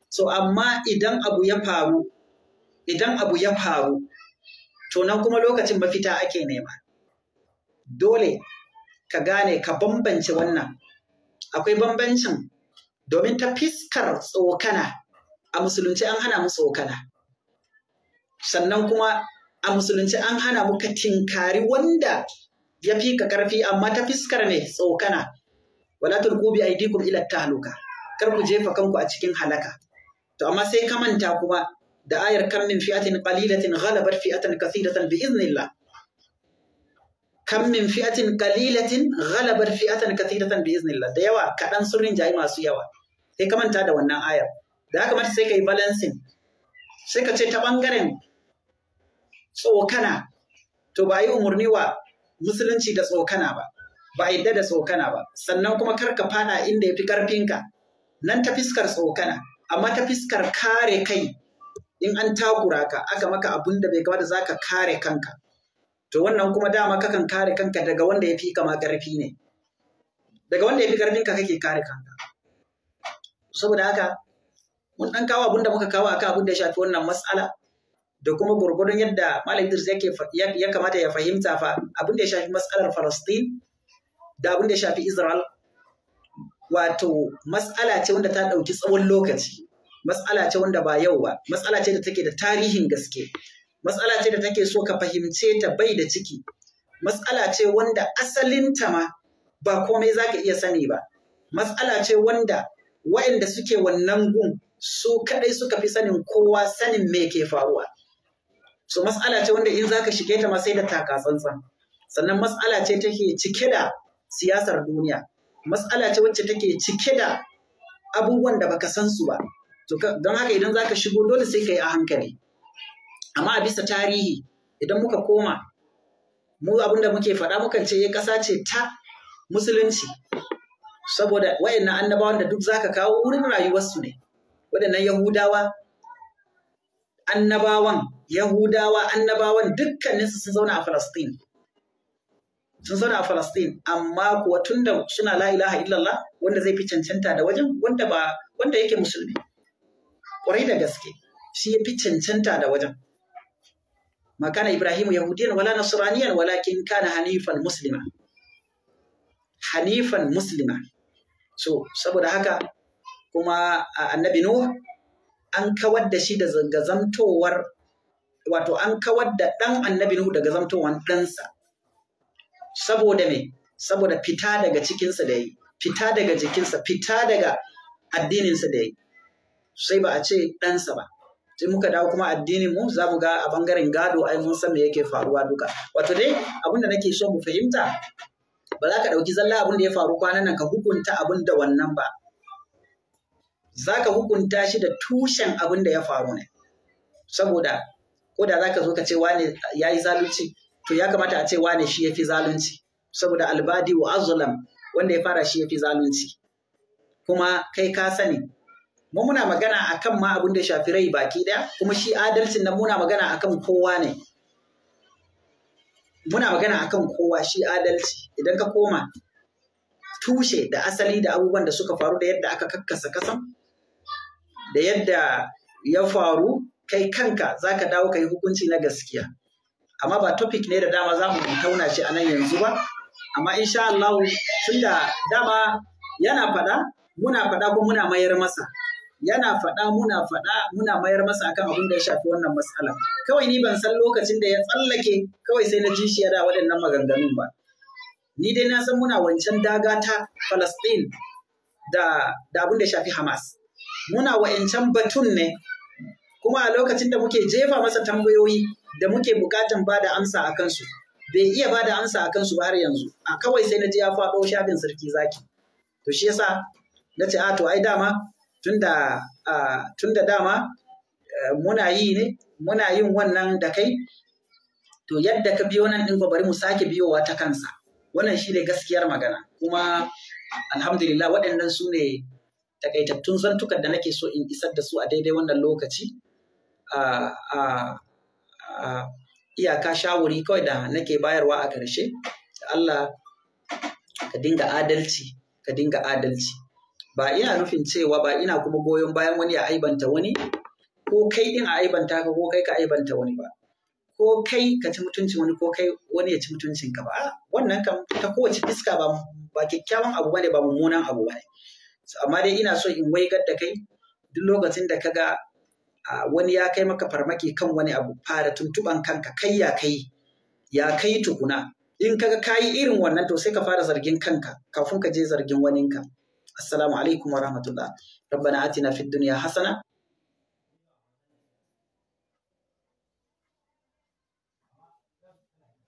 So amma idan abu ya faru, idan abu ya faru, to nan kuma lokacin mafita ake nema. Dole ka gane ka bambance wannan. Akwai bambancin domin ta fiskar tsokana a musulunci an hana mu tsokana. Sannan kuma a musulunci an hana mu ka tinkari wanda ya fi ka karfi amma ta fiskar ne tsokana. Wala tulqu bi aydikum ila tahluka. Kar ku jefa kanku a cikin halaka. to amma sai ka manta kuma da ayar kam min fi'atin qalilatin ghalabat fi'atan kathiratan bi iznillah kam min fi'atin qalilatin ghalabat fi'atan kathiratan bi iznillah da yawa kaɗan sun rinjayi masu yawa sai ka manta da wannan ayar da haka mata sai ka yi balancing sai ka ce ta ɓangaren tsokana to ba yi umarni wa musulunci da tsokana ba ba a yadda da tsokana ba sannan kuma kar ka fada inda ya fi ƙarfinka nan ta fiskar tsokana amma ta fiskar kare kai in an takura ka aka maka abun da bai kamata za ka kare kanka to wannan kuma dama kakan kare kanka daga wanda ya fi kama ƙarfi ne daga wanda ya fi ƙarfin ka kake kare kanka saboda haka mun ɗan kawo abun da muka kawo akan abun da ya shafi wannan matsala da kuma gwargwadon yadda Malam Idris yake ya kamata ya fahimta fa abin da ya shafi matsalar Falastin da abin da ya shafi Israel wato matsala ce wanda ta ɗauki tsawon lokaci matsala ce wanda ba yau ba matsala ce da take da tarihin gaske matsala ce da take so ka fahimce ta bai da ciki matsala ce wanda asalinta ma ba komai za ka iya sani ba matsala ce wanda waɗanda suke wannan gun su kaɗai suka fi sanin kowa sanin me ke faruwa so matsala ce wanda in za ka shige ta ma sai da taka tsantsan sannan matsala ce take cike da siyasar duniya matsala ce wacce take cike da abubuwan da baka san su ba don haka idan zaka shigo dole sai ka yi a hankali amma a bisa tarihi idan muka koma mu abin muke faɗa mukan ce ya eh, ƙasa ce ta musulunci saboda wayannan annabawan da duk zaka kawo wurin rayuwarsu ne waɗannan yahudawa annabawan yahudawa annabawan dukkaninsu sun zauna a falastin sun zauna a Falastin amma kuwa tun da suna la ilaha illallah wanda zai fi cancanta da wajen wanda ba wanda yake musulmi ƙwarai da gaske shi ya fi cancanta da wajen makana ibrahimu yahudiyan wala nasraniyan walakin kana hanifan muslima hanifan muslima so saboda haka kuma annabi nuh an kawar da shi daga zamtowar wato an kawar da ɗan annabi Nuhu daga zamtowar ɗansa saboda me saboda fita daga cikinsa da yi fita daga jikinsa fita daga addininsa da yi sai ba a ce ɗansa ba sai muka dawo kuma addinin mu za mu ga a bangaren gado ai mun san me yake faruwa duka wato dai abin da nake so mu fahimta ba za ka ɗauki zalla abin da ya faru kwanan nan ka hukunta abin da wannan ba za ka hukunta shi da tushen abin da ya faru ne saboda ko da za ka zo ka ce wane ya yi zalunci to ya kamata a ce wane shi ya fi zalunci saboda albadi wa azlam wanda ya fara shi ya fi zalunci kuma kai ka sani mu muna magana akan ma abin da shafi rai baki ɗaya kuma shi adalcin nan muna magana akan kowa ne muna magana akan kowa shi adalci idan ka koma tushe da asali da abubuwan da suka faru da yadda aka kakkasa kasan da yadda ya faru kai kanka zaka dawo ka yi hukunci na gaskiya amma ba topic ne da dama za mu tauna shi a nan yanzu ba amma insha Allah tunda dama yana faɗa muna faɗa ko muna mayar masa yana faɗa muna faɗa muna mayar masa akan abin da ya shafi wannan matsala kawai ni ban san lokacin da ya tsallake kawai sai na ji shi ya da waɗannan maganganun ba ni dai na san muna wancan daga ta Palestine da da abin da ya shafi Hamas muna wa'ancan batun ne kuma a lokacin da muke jefa masa tambayoyi da muke bukatan ba da amsa a kansu bai iya ba da amsa a kansu ba har yanzu a kawai sai na ji ya faɗo shafin sarki zaki to shi yasa na ce a to ai dama tunda tunda dama e, muna yi ne muna yin wannan da kai to yadda ka biyo nan ɗin bari mu sake biyowa ta kansa wannan shi ne gaskiyar magana kuma alhamdulillah waɗannan su ne takaitattun zantukan da nake so in isar da su a daidai wannan lokaci iyaka shawari kawai da nake bayarwa a ƙarshe Allah ka dinga adalci ka dinga adalci ba ina nufin cewa ba ina kuma goyon bayan wani ya aibanta wani ko kai din a aibanta ka ko kai ka aibanta wani ba ko kai ka ci mutuncin wani ko kai wani ya ci mutuncin ka ba wannan kam ta kowace fiska ba ba kyakkyawan abu bane ba mummunan abu bane amma dai ina so in waigar da kai duk lokacin da ka ga. wani ya kai maka farmaki kan wani abu fara tuntuban kanka kai ya kai ya kai tukuna in kaga kayi irin wannan to sai ka fara zargin kanka kafin ka je zargin waninka assalamu alaikum wa rahmatullah rabbana atina fid dunya hasana